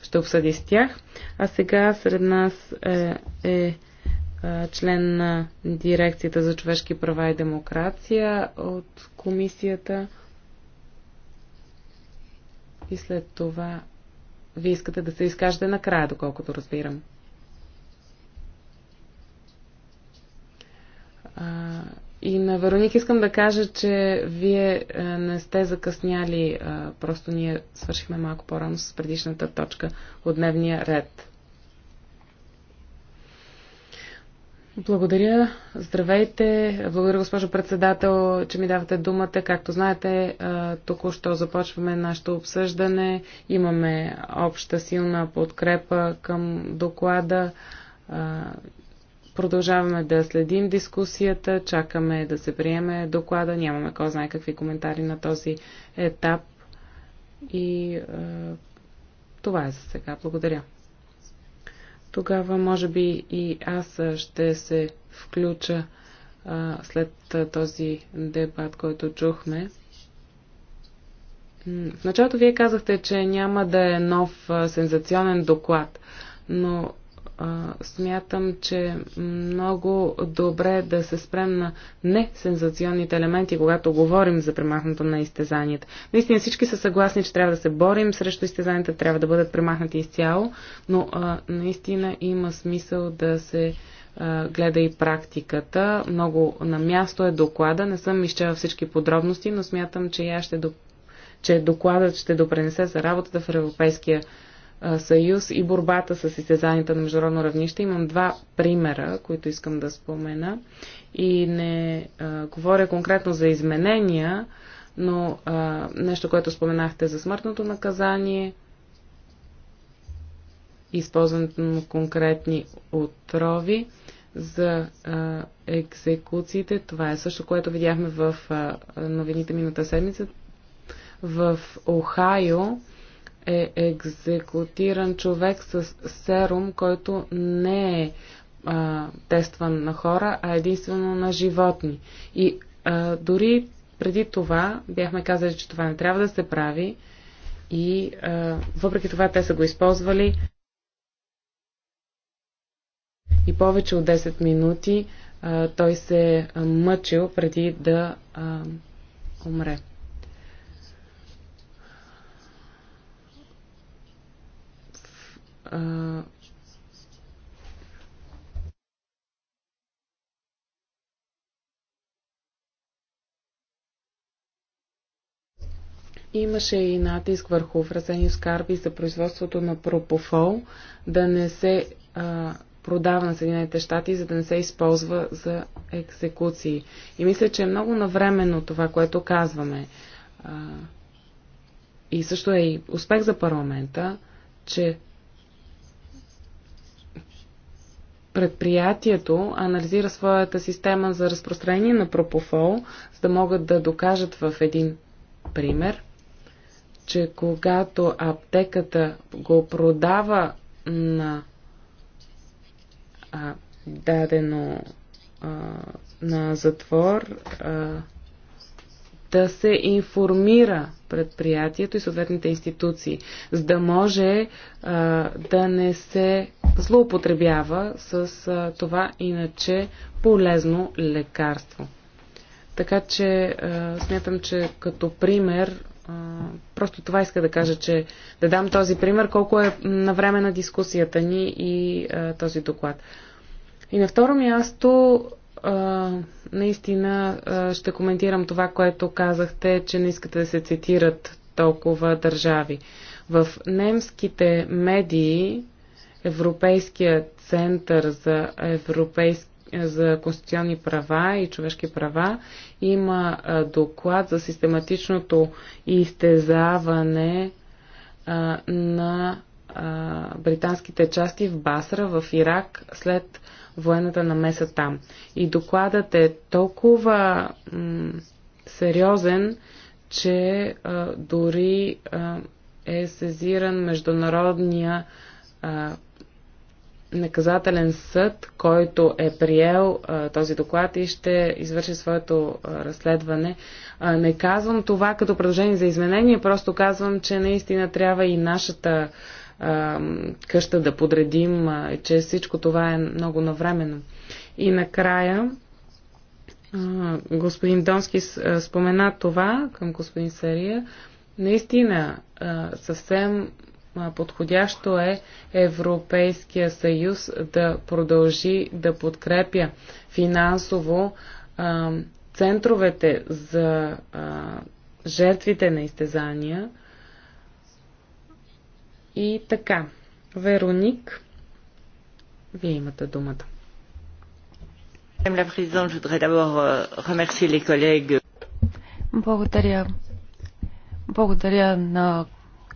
ще обсъди с тях. А сега сред нас е, е член на Дирекцията за човешки права и демокрация от комисията. И след това ви искате да се изкажете накрая, доколкото разбирам. И на Вероник искам да кажа, че вие не сте закъсняли, просто ние свършихме малко по-рано с предишната точка от дневния ред. Благодаря. Здравейте. Благодаря, госпожо председател, че ми давате думата. Както знаете, току-що започваме нашето обсъждане. Имаме обща силна подкрепа към доклада. Продължаваме да следим дискусията, чакаме да се приеме доклада, нямаме кой знае какви коментари на този етап. И е, това е за сега. Благодаря тогава може би и аз ще се включа а, след този дебат, който чухме. В началото вие казахте, че няма да е нов а, сензационен доклад, но смятам, че много добре да се спрем на несензационните елементи, когато говорим за премахнато на изтезанията. Наистина всички са съгласни, че трябва да се борим срещу изтезанията, трябва да бъдат премахнати изцяло, но а, наистина има смисъл да се гледа и практиката. Много на място е доклада. Не съм изчела всички подробности, но смятам, че я ще доп... че докладът ще допренесе за работата в Европейския съюз и борбата с изтезанията на международно равнище. Имам два примера, които искам да спомена. И не а, говоря конкретно за изменения, но а, нещо, което споменахте за смъртното наказание, използването на конкретни отрови за а, екзекуциите. Това е също, което видяхме в а, новините миналата седмица. В Охайо е екзекутиран човек с серум, който не е а, тестван на хора, а единствено на животни. И а, дори преди това бяхме казали, че това не трябва да се прави и а, въпреки това те са го използвали и повече от 10 минути а, той се е мъчил преди да а, умре. Имаше и натиск върху вразени Скарби за производството на пропофол да не се а, продава на Съединените щати, за да не се използва за екзекуции. И мисля, че е много навременно това, което казваме. А, и също е и успех за парламента, че предприятието анализира своята система за разпространение на пропофол, за да могат да докажат в един пример, че когато аптеката го продава на а, дадено а, на затвор, а, да се информира предприятието и съответните институции, за да може а, да не се злоупотребява с а, това иначе полезно лекарство. Така че а, смятам, че като пример, а, просто това иска да кажа, че да дам този пример, колко е на време на дискусията ни и а, този доклад. И на второ място наистина а, ще коментирам това, което казахте, че не искате да се цитират толкова държави. В немските медии Европейският център за, европейски, за конституционни права и човешки права има а, доклад за систематичното изтезаване а, на британските части в Басра в Ирак след военната намеса там. И докладът е толкова сериозен, че а, дори а, е сезиран Международния а, наказателен съд, който е приел а, този доклад и ще извърши своето а, разследване. А, не казвам това като предложение за изменение, просто казвам, че наистина трябва и нашата къща да подредим, е, че всичко това е много навременно. И накрая господин Донски спомена това към господин Сария. Наистина, съвсем подходящо е Европейския съюз да продължи да подкрепя финансово центровете за жертвите на изтезания – и така, Вероник, вие имате думата. Euh, Благодаря. Благодаря на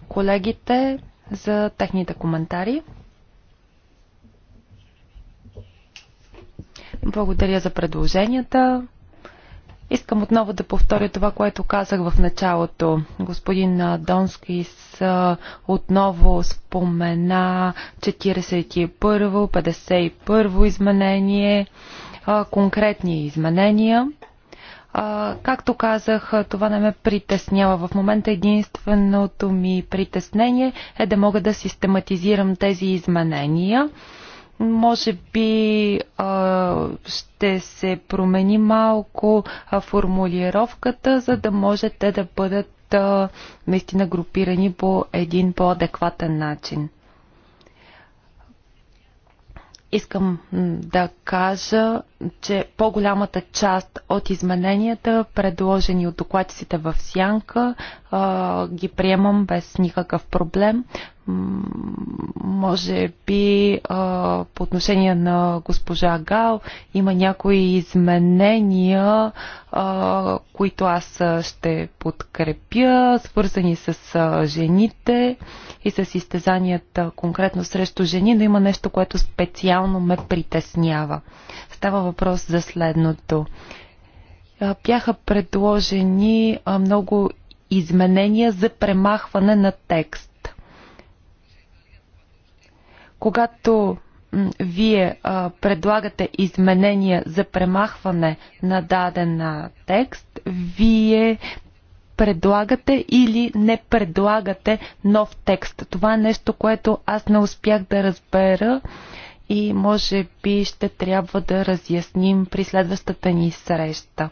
колегите за техните коментари. Благодаря за предложенията. Искам отново да повторя това, което казах в началото. Господин с, отново спомена 41 51 изменение, конкретни изменения. Както казах, това не ме притеснява. В момента единственото ми притеснение е да мога да систематизирам тези изменения може би ще се промени малко формулировката, за да може те да бъдат наистина групирани по един по-адекватен начин. Искам да кажа, че по-голямата част от измененията, предложени от докладците в Сянка, ги приемам без никакъв проблем може би а, по отношение на госпожа Гал има някои изменения, а, които аз ще подкрепя, свързани с а, жените и с изтезанията конкретно срещу жени, но има нещо, което специално ме притеснява. Става въпрос за следното. бяха предложени много изменения за премахване на текст когато вие а, предлагате изменения за премахване на даден текст, вие предлагате или не предлагате нов текст. Това е нещо, което аз не успях да разбера. А, и може би ще трябва да разясним при следващата ни среща.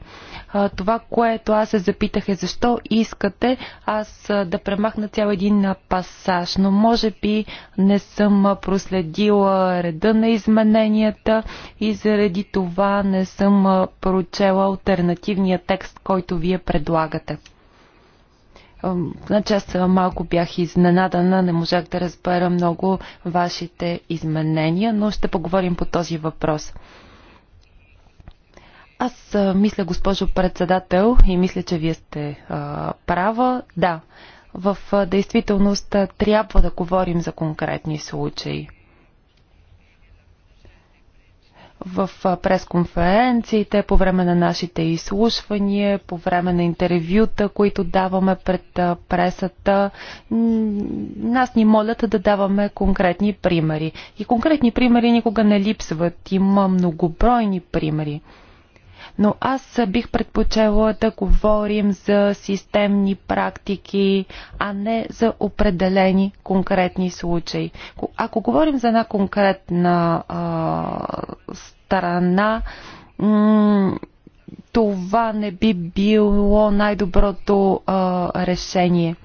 Това, което аз се запитах е защо искате аз да премахна цял един пасаж, но може би не съм проследила реда на измененията и заради това не съм прочела альтернативния текст, който вие предлагате на част малко бях изненадана, не можах да разбера много вашите изменения, но ще поговорим по този въпрос. Аз мисля, госпожо председател, и мисля, че вие сте а, права. Да, в действителност трябва да говорим за конкретни случаи в пресконференциите, по време на нашите изслушвания, по време на интервюта, които даваме пред пресата. Нас ни молят да даваме конкретни примери. И конкретни примери никога не липсват. Има многобройни примери. Но аз бих предпочела да говорим за системни практики, а не за определени конкретни случаи. Ако говорим за една конкретна а, страна, това не би било най-доброто решение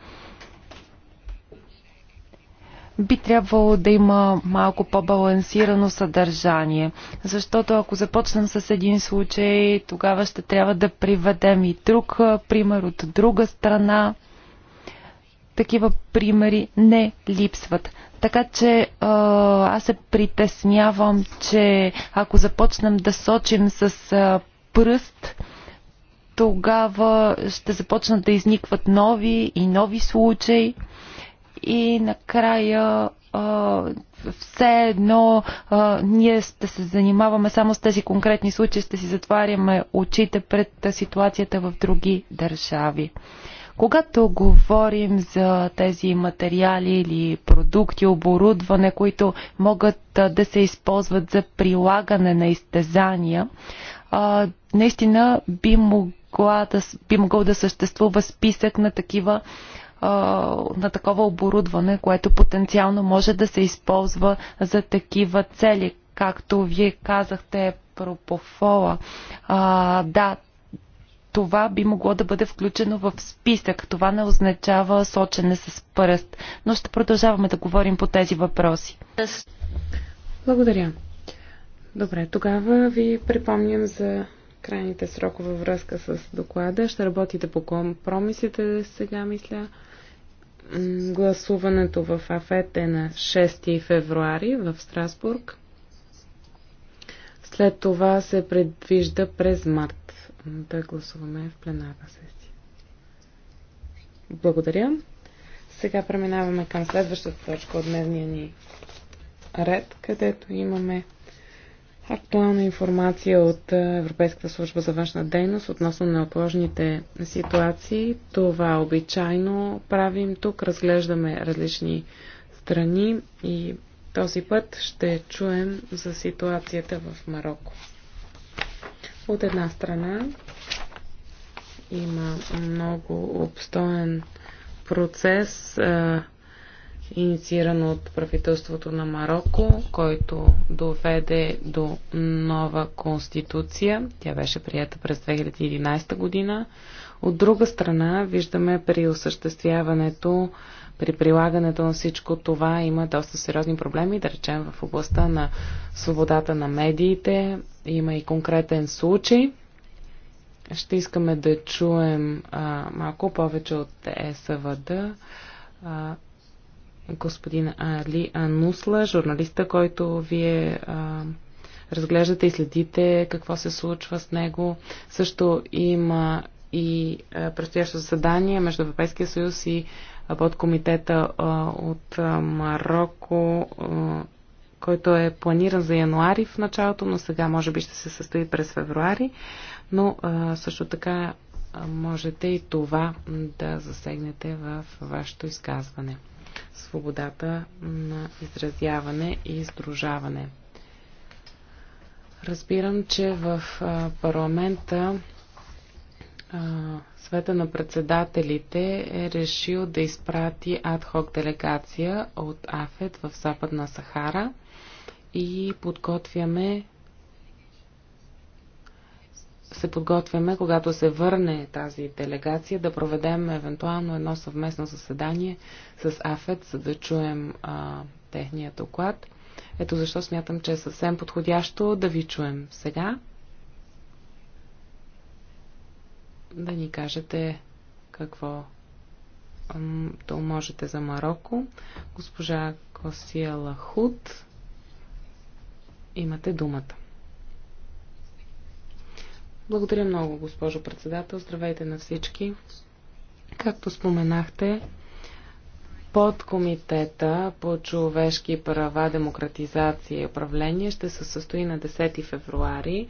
би трябвало да има малко по-балансирано съдържание. Защото ако започнем с един случай, тогава ще трябва да приведем и друг пример от друга страна. Такива примери не липсват. Така че аз се притеснявам, че ако започнем да сочим с пръст, тогава ще започнат да изникват нови и нови случаи и накрая все едно ние ще се занимаваме само с тези конкретни случаи, ще си затваряме очите пред ситуацията в други държави. Когато говорим за тези материали или продукти, оборудване, които могат да се използват за прилагане на изтезания, наистина би, могла да, би могъл да съществува списък на такива на такова оборудване, което потенциално може да се използва за такива цели. Както вие казахте, пропофола. А, да, това би могло да бъде включено в списък. Това не означава сочене с пръст. Но ще продължаваме да говорим по тези въпроси. Благодаря. Добре, тогава ви припомням за крайните срокове връзка с доклада. Ще работите по компромисите сега, мисля. Гласуването в АФЕТ е на 6 февруари в Страсбург. След това се предвижда през март да гласуваме в пленарна сесия. Благодаря. Сега преминаваме към следващата точка от дневния ни ред, където имаме актуална информация от Европейската служба за външна дейност относно неотложните ситуации. Това обичайно правим тук. Разглеждаме различни страни и този път ще чуем за ситуацията в Марокко. От една страна има много обстоен процес иницииран от правителството на Марокко, който доведе до нова конституция. Тя беше прията през 2011 година. От друга страна, виждаме при осъществяването, при прилагането на всичко това има доста сериозни проблеми, да речем в областта на свободата на медиите. Има и конкретен случай. Ще искаме да чуем а, малко повече от е СВД. А, господин Али Анусла, журналиста, който вие а, разглеждате и следите какво се случва с него. Също има и а, предстоящо заседание между Европейския съюз и подкомитета от а, Марокко, а, който е планиран за януари в началото, но сега може би ще се състои през февруари. Но а, също така можете и това да засегнете в вашето изказване свободата на изразяване и издружаване. Разбирам, че в парламента света на председателите е решил да изпрати адхок делегация от АФЕД в Западна Сахара и подготвяме се подготвяме, когато се върне тази делегация, да проведем евентуално едно съвместно заседание с АФЕД, за да чуем а, техния доклад. Ето защо смятам, че е съвсем подходящо да ви чуем сега. Да ни кажете какво то можете за Марокко. Госпожа Косия Лахут, имате думата. Благодаря много, госпожо председател. Здравейте на всички. Както споменахте, под комитета по човешки права, демократизация и управление ще се състои на 10 февруари.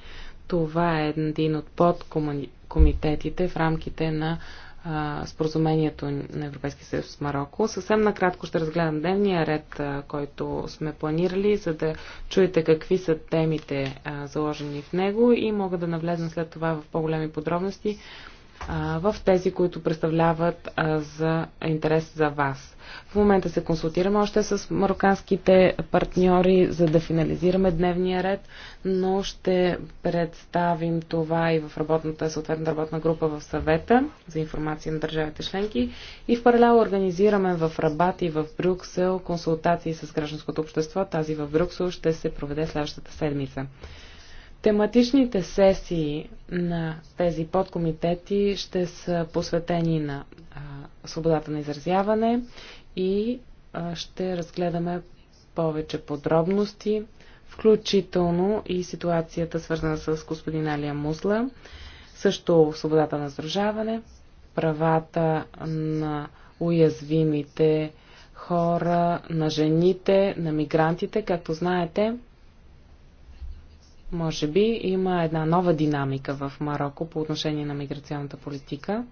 Това е един от подкомитетите в рамките на а, споразумението на Европейския съюз с Марокко. Съвсем накратко ще разгледам дневния ред, който сме планирали, за да чуете какви са темите заложени в него и мога да навлезна след това в по-големи подробности в тези, които представляват за интерес за вас. В момента се консултираме още с мароканските партньори, за да финализираме дневния ред, но ще представим това и в работната, съответна работна група в съвета за информация на държавите членки и в паралел организираме в Рабат и в Брюксел консултации с гражданското общество. Тази в Брюксел ще се проведе следващата седмица. Тематичните сесии на тези подкомитети ще са посветени на а, свободата на изразяване и а, ще разгледаме повече подробности, включително и ситуацията свързана с господин Алия Мусла, също свободата на сдружаване, правата на уязвимите хора, на жените, на мигрантите. Както знаете, може би има една нова динамика в Марокко по отношение на миграционната политика.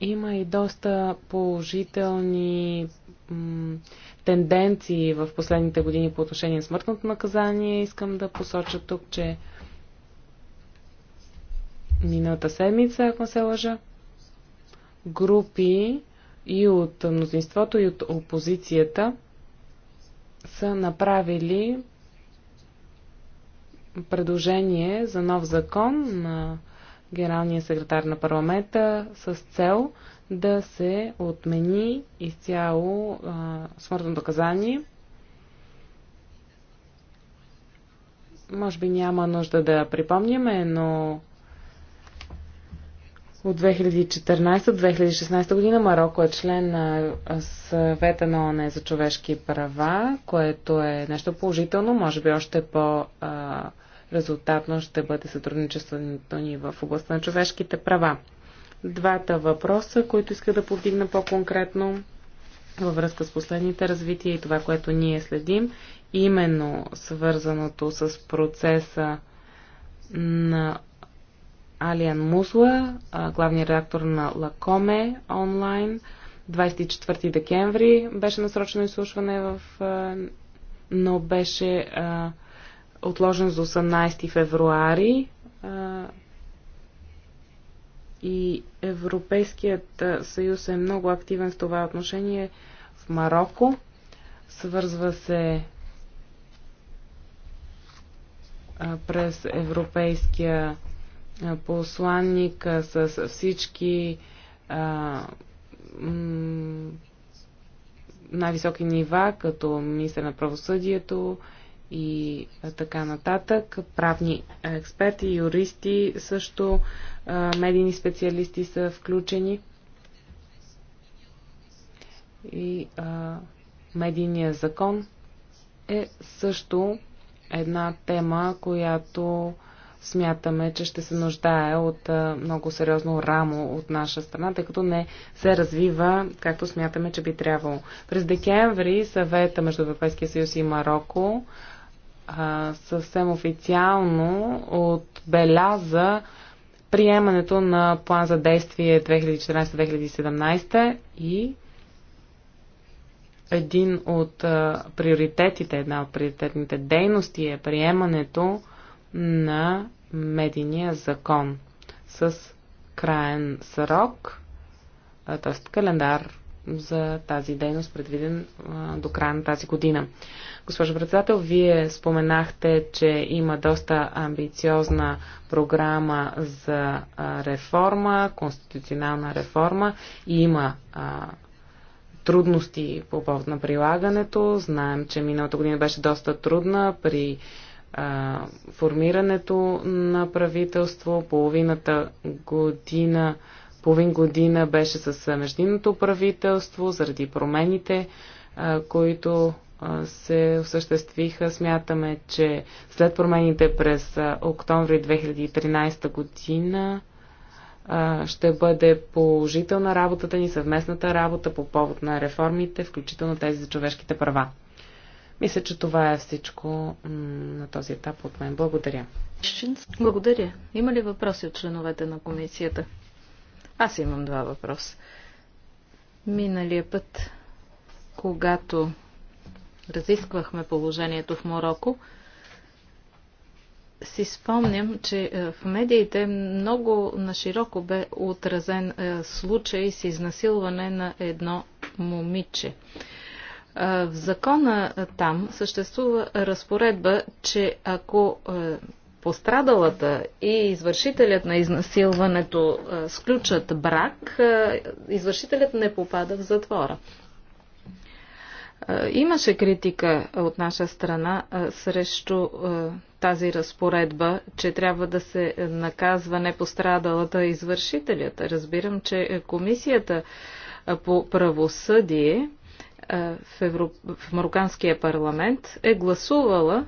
Има и доста положителни тенденции в последните години по отношение на смъртното наказание. Искам да посоча тук, че миналата седмица, ако се лъжа, групи и от мнозинството, и от опозицията са направили предложение за нов закон на генералния секретар на парламента с цел да се отмени изцяло а, смъртно доказание. Може би няма нужда да припомняме, но от 2014-2016 година Марокко е член на съвета на ОНЕ за човешки права, което е нещо положително, може би още по- а, резултатно ще бъде сътрудничеството ни в областта на човешките права. Двата въпроса, които иска да повдигна по-конкретно във връзка с последните развития и това, което ние следим, именно свързаното с процеса на Алиан Мусла, главният редактор на Лакоме онлайн. 24 декември беше насрочено изслушване в... но беше отложен за 18 февруари и Европейският съюз е много активен в това отношение в Марокко. Свързва се през европейския посланник с всички най-високи нива, като министър на правосъдието, и така нататък. Правни експерти, юристи също, медийни специалисти са включени. И медийният закон е също една тема, която смятаме, че ще се нуждае от много сериозно рамо от наша страна, тъй като не се развива както смятаме, че би трябвало. През декември съвета между Европейския съюз и Марокко съвсем официално отбеляза приемането на план за действие 2014-2017 и един от а, приоритетите, една от приоритетните дейности е приемането на медийния закон с краен срок, т.е. календар за тази дейност, предвиден а, до края на тази година. Госпожо председател, вие споменахте, че има доста амбициозна програма за реформа, конституционална реформа и има а, трудности по повод на прилагането. Знаем, че миналата година беше доста трудна при а, формирането на правителство. Половината година, половин година беше с междинното правителство заради промените, които се осъществиха. Смятаме, че след промените през октомври 2013 година ще бъде положителна работата ни, съвместната работа по повод на реформите, включително тези за човешките права. Мисля, че това е всичко на този етап от мен. Благодаря. Благодаря. Има ли въпроси от членовете на комисията? Аз имам два въпроса. Миналия път, когато разисквахме положението в Мороко, си спомням, че е, в медиите много нашироко бе отразен е, случай с изнасилване на едно момиче. Е, в закона там съществува разпоредба, че ако пострадалата и извършителят на изнасилването сключат брак, извършителят не попада в затвора. Имаше критика от наша страна срещу тази разпоредба, че трябва да се наказва непострадалата извършителята. Разбирам, че комисията по правосъдие в, Европ... в Марокканския парламент е гласувала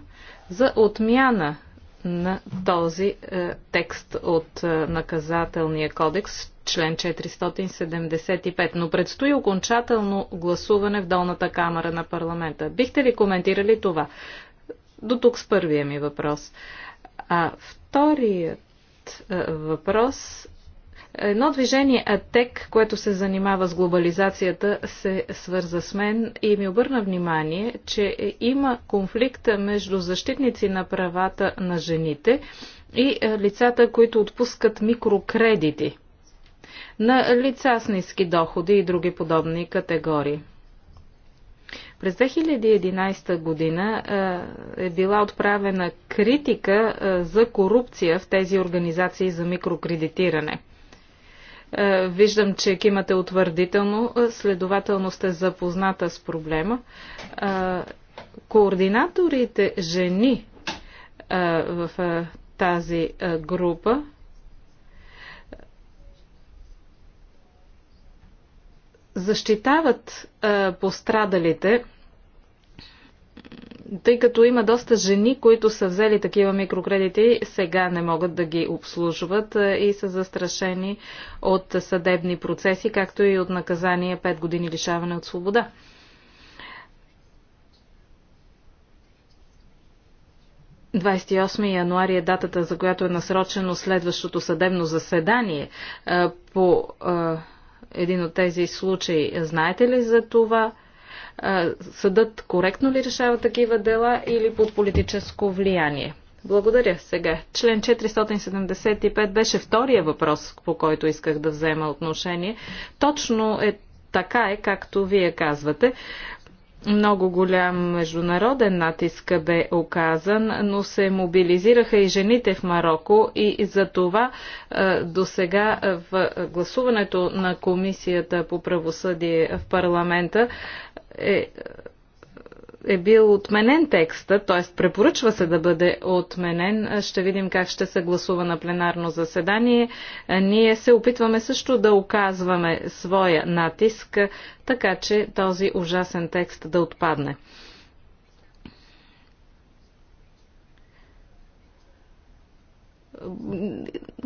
за отмяна на този е, текст от е, наказателния кодекс, член 475, но предстои окончателно гласуване в долната камера на парламента. Бихте ли коментирали това? До тук с първия ми въпрос. А вторият е, въпрос Едно движение АТЕК, което се занимава с глобализацията, се свърза с мен и ми обърна внимание, че има конфликт между защитници на правата на жените и е, лицата, които отпускат микрокредити на лица с ниски доходи и други подобни категории. През 2011 година е, е била отправена критика е, за корупция в тези организации за микрокредитиране. Е, виждам, че кимате утвърдително, е, следователно сте запозната с проблема. Е, координаторите жени в тази група защитават пострадалите тъй като има доста жени, които са взели такива микрокредити, сега не могат да ги обслужват е, и са застрашени от съдебни процеси, както и от наказание 5 години лишаване от свобода. ...28 януари е датата, за която е насрочено следващото съдебно заседание е, по е, един от тези случаи. Знаете ли за това? съдът коректно ли решава такива дела или под политическо влияние? Благодаря. Сега, член 475 беше втория въпрос, по който исках да взема отношение. Точно е така е, както вие казвате. Много голям международен натиск бе оказан, но се мобилизираха и жените в Марокко и за това до сега в гласуването на Комисията по правосъдие в парламента е, е бил отменен текста, т.е. препоръчва се да бъде отменен. Ще видим как ще се гласува на пленарно заседание. Ние се опитваме също да оказваме своя натиск, така че този ужасен текст да отпадне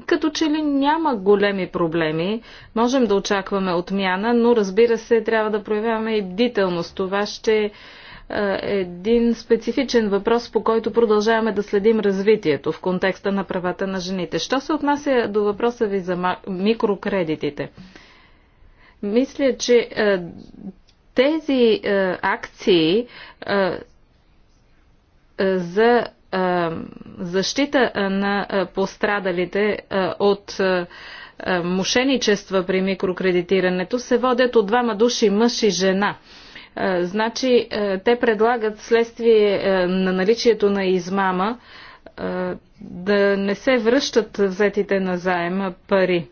като че ли няма големи проблеми. Можем да очакваме отмяна, но разбира се, трябва да проявяваме и бдителност. Това ще е един специфичен въпрос, по който продължаваме да следим развитието в контекста на правата на жените. Що се отнася до въпроса ви за микрокредитите? Мисля, че е, тези е, акции е, за защита на пострадалите от мошенничества при микрокредитирането се водят от двама души мъж и жена. Значи те предлагат следствие на наличието на измама да не се връщат взетите на заем пари.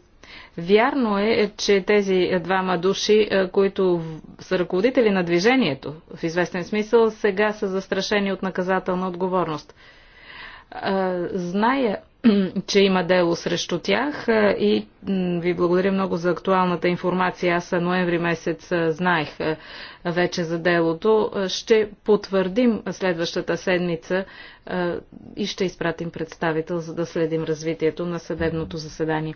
Вярно е, че тези двама души, които са ръководители на движението, в известен смисъл, сега са застрашени от наказателна отговорност. Зная, *clears throat* че има дело срещу тях и ви благодаря много за актуалната информация. Аз ноември месец знаех вече за делото. Ще потвърдим следващата седмица и ще изпратим представител, за да следим развитието на съдебното заседание.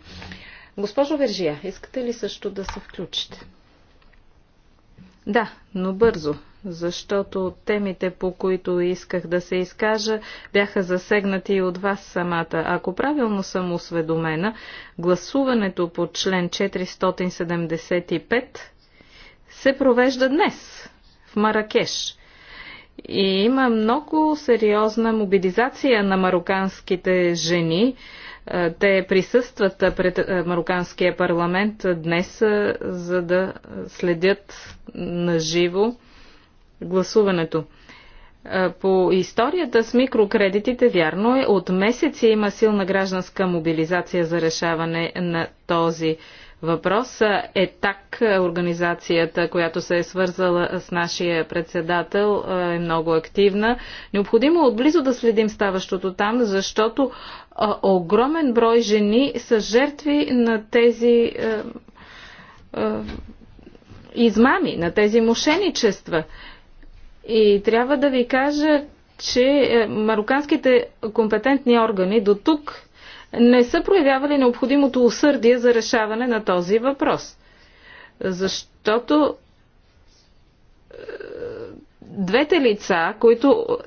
Госпожо Вержия, искате ли също да се включите? Да, но бързо, защото темите, по които исках да се изкажа, бяха засегнати и от вас самата. Ако правилно съм осведомена, гласуването по член 475 се провежда днес в Маракеш. И има много сериозна мобилизация на мароканските жени, е, те присъстват пред е, Марокканския парламент днес, е, за да следят наживо гласуването. По историята с микрокредитите, вярно е, от месеци има силна гражданска мобилизация за решаване на този въпрос. Е так организацията, която се е свързала с нашия председател, е много активна. Необходимо отблизо да следим ставащото там, защото огромен брой жени са жертви на тези е, е, измами, на тези мошеничества. И трябва да ви кажа, че е, мароканските компетентни органи до тук не са проявявали необходимото усърдие за решаване на този въпрос. Защото двете лица, които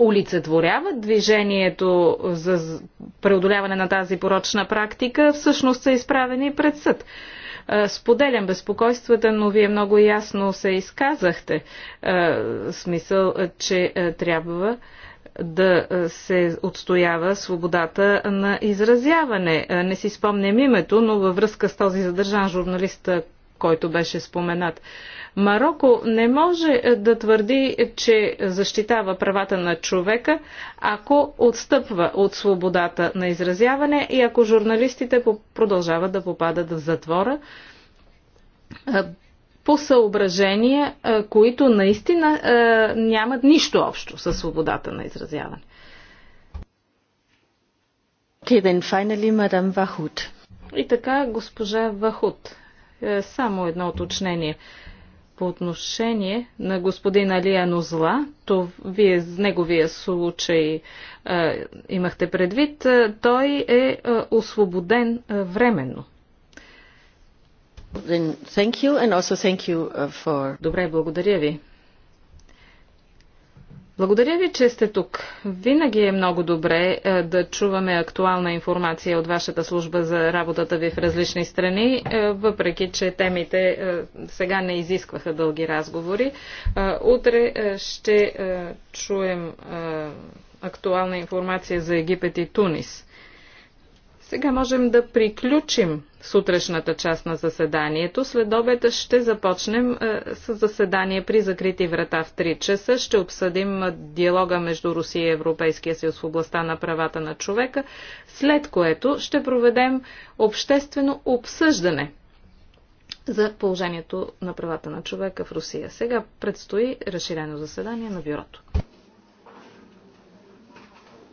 олицетворяват движението за преодоляване на тази порочна практика, всъщност са изправени пред съд. Е, споделям безпокойствата, но вие много ясно се изказахте. Е, смисъл, е, че трябва да се отстоява свободата на изразяване. Не си спомням името, но във връзка с този задържан журналист, който беше споменат. Марокко не може е, да твърди, че защитава правата на човека, ако отстъпва от свободата на изразяване и ако журналистите продължават да попадат в затвора е, по съображения, е, които наистина нямат нищо общо със свободата на изразяване. Okay, then finally, Вахут. И така, госпожа Вахут, само едно уточнение. По отношение на господин Алия Нозла, то вие с неговия случай а, е, имахте предвид, е, той е, а, освободен а, временно. For... Добре, благодаря ви. Благодаря ви, че сте тук. Винаги е много добре е, да чуваме актуална информация от вашата служба за работата ви в различни страни, е, въпреки че темите е, сега не изискваха дълги разговори. Утре ще чуем актуална информация за Египет и Тунис. Сега можем да приключим сутрешната част на заседанието. След обед ще започнем е, с заседание при закрити врата в 3 часа. Ще обсъдим диалога между Русия и Европейския съюз в областта на правата на човека, след което ще проведем обществено обсъждане за положението на правата на човека в Русия. Сега предстои разширено заседание на бюрото.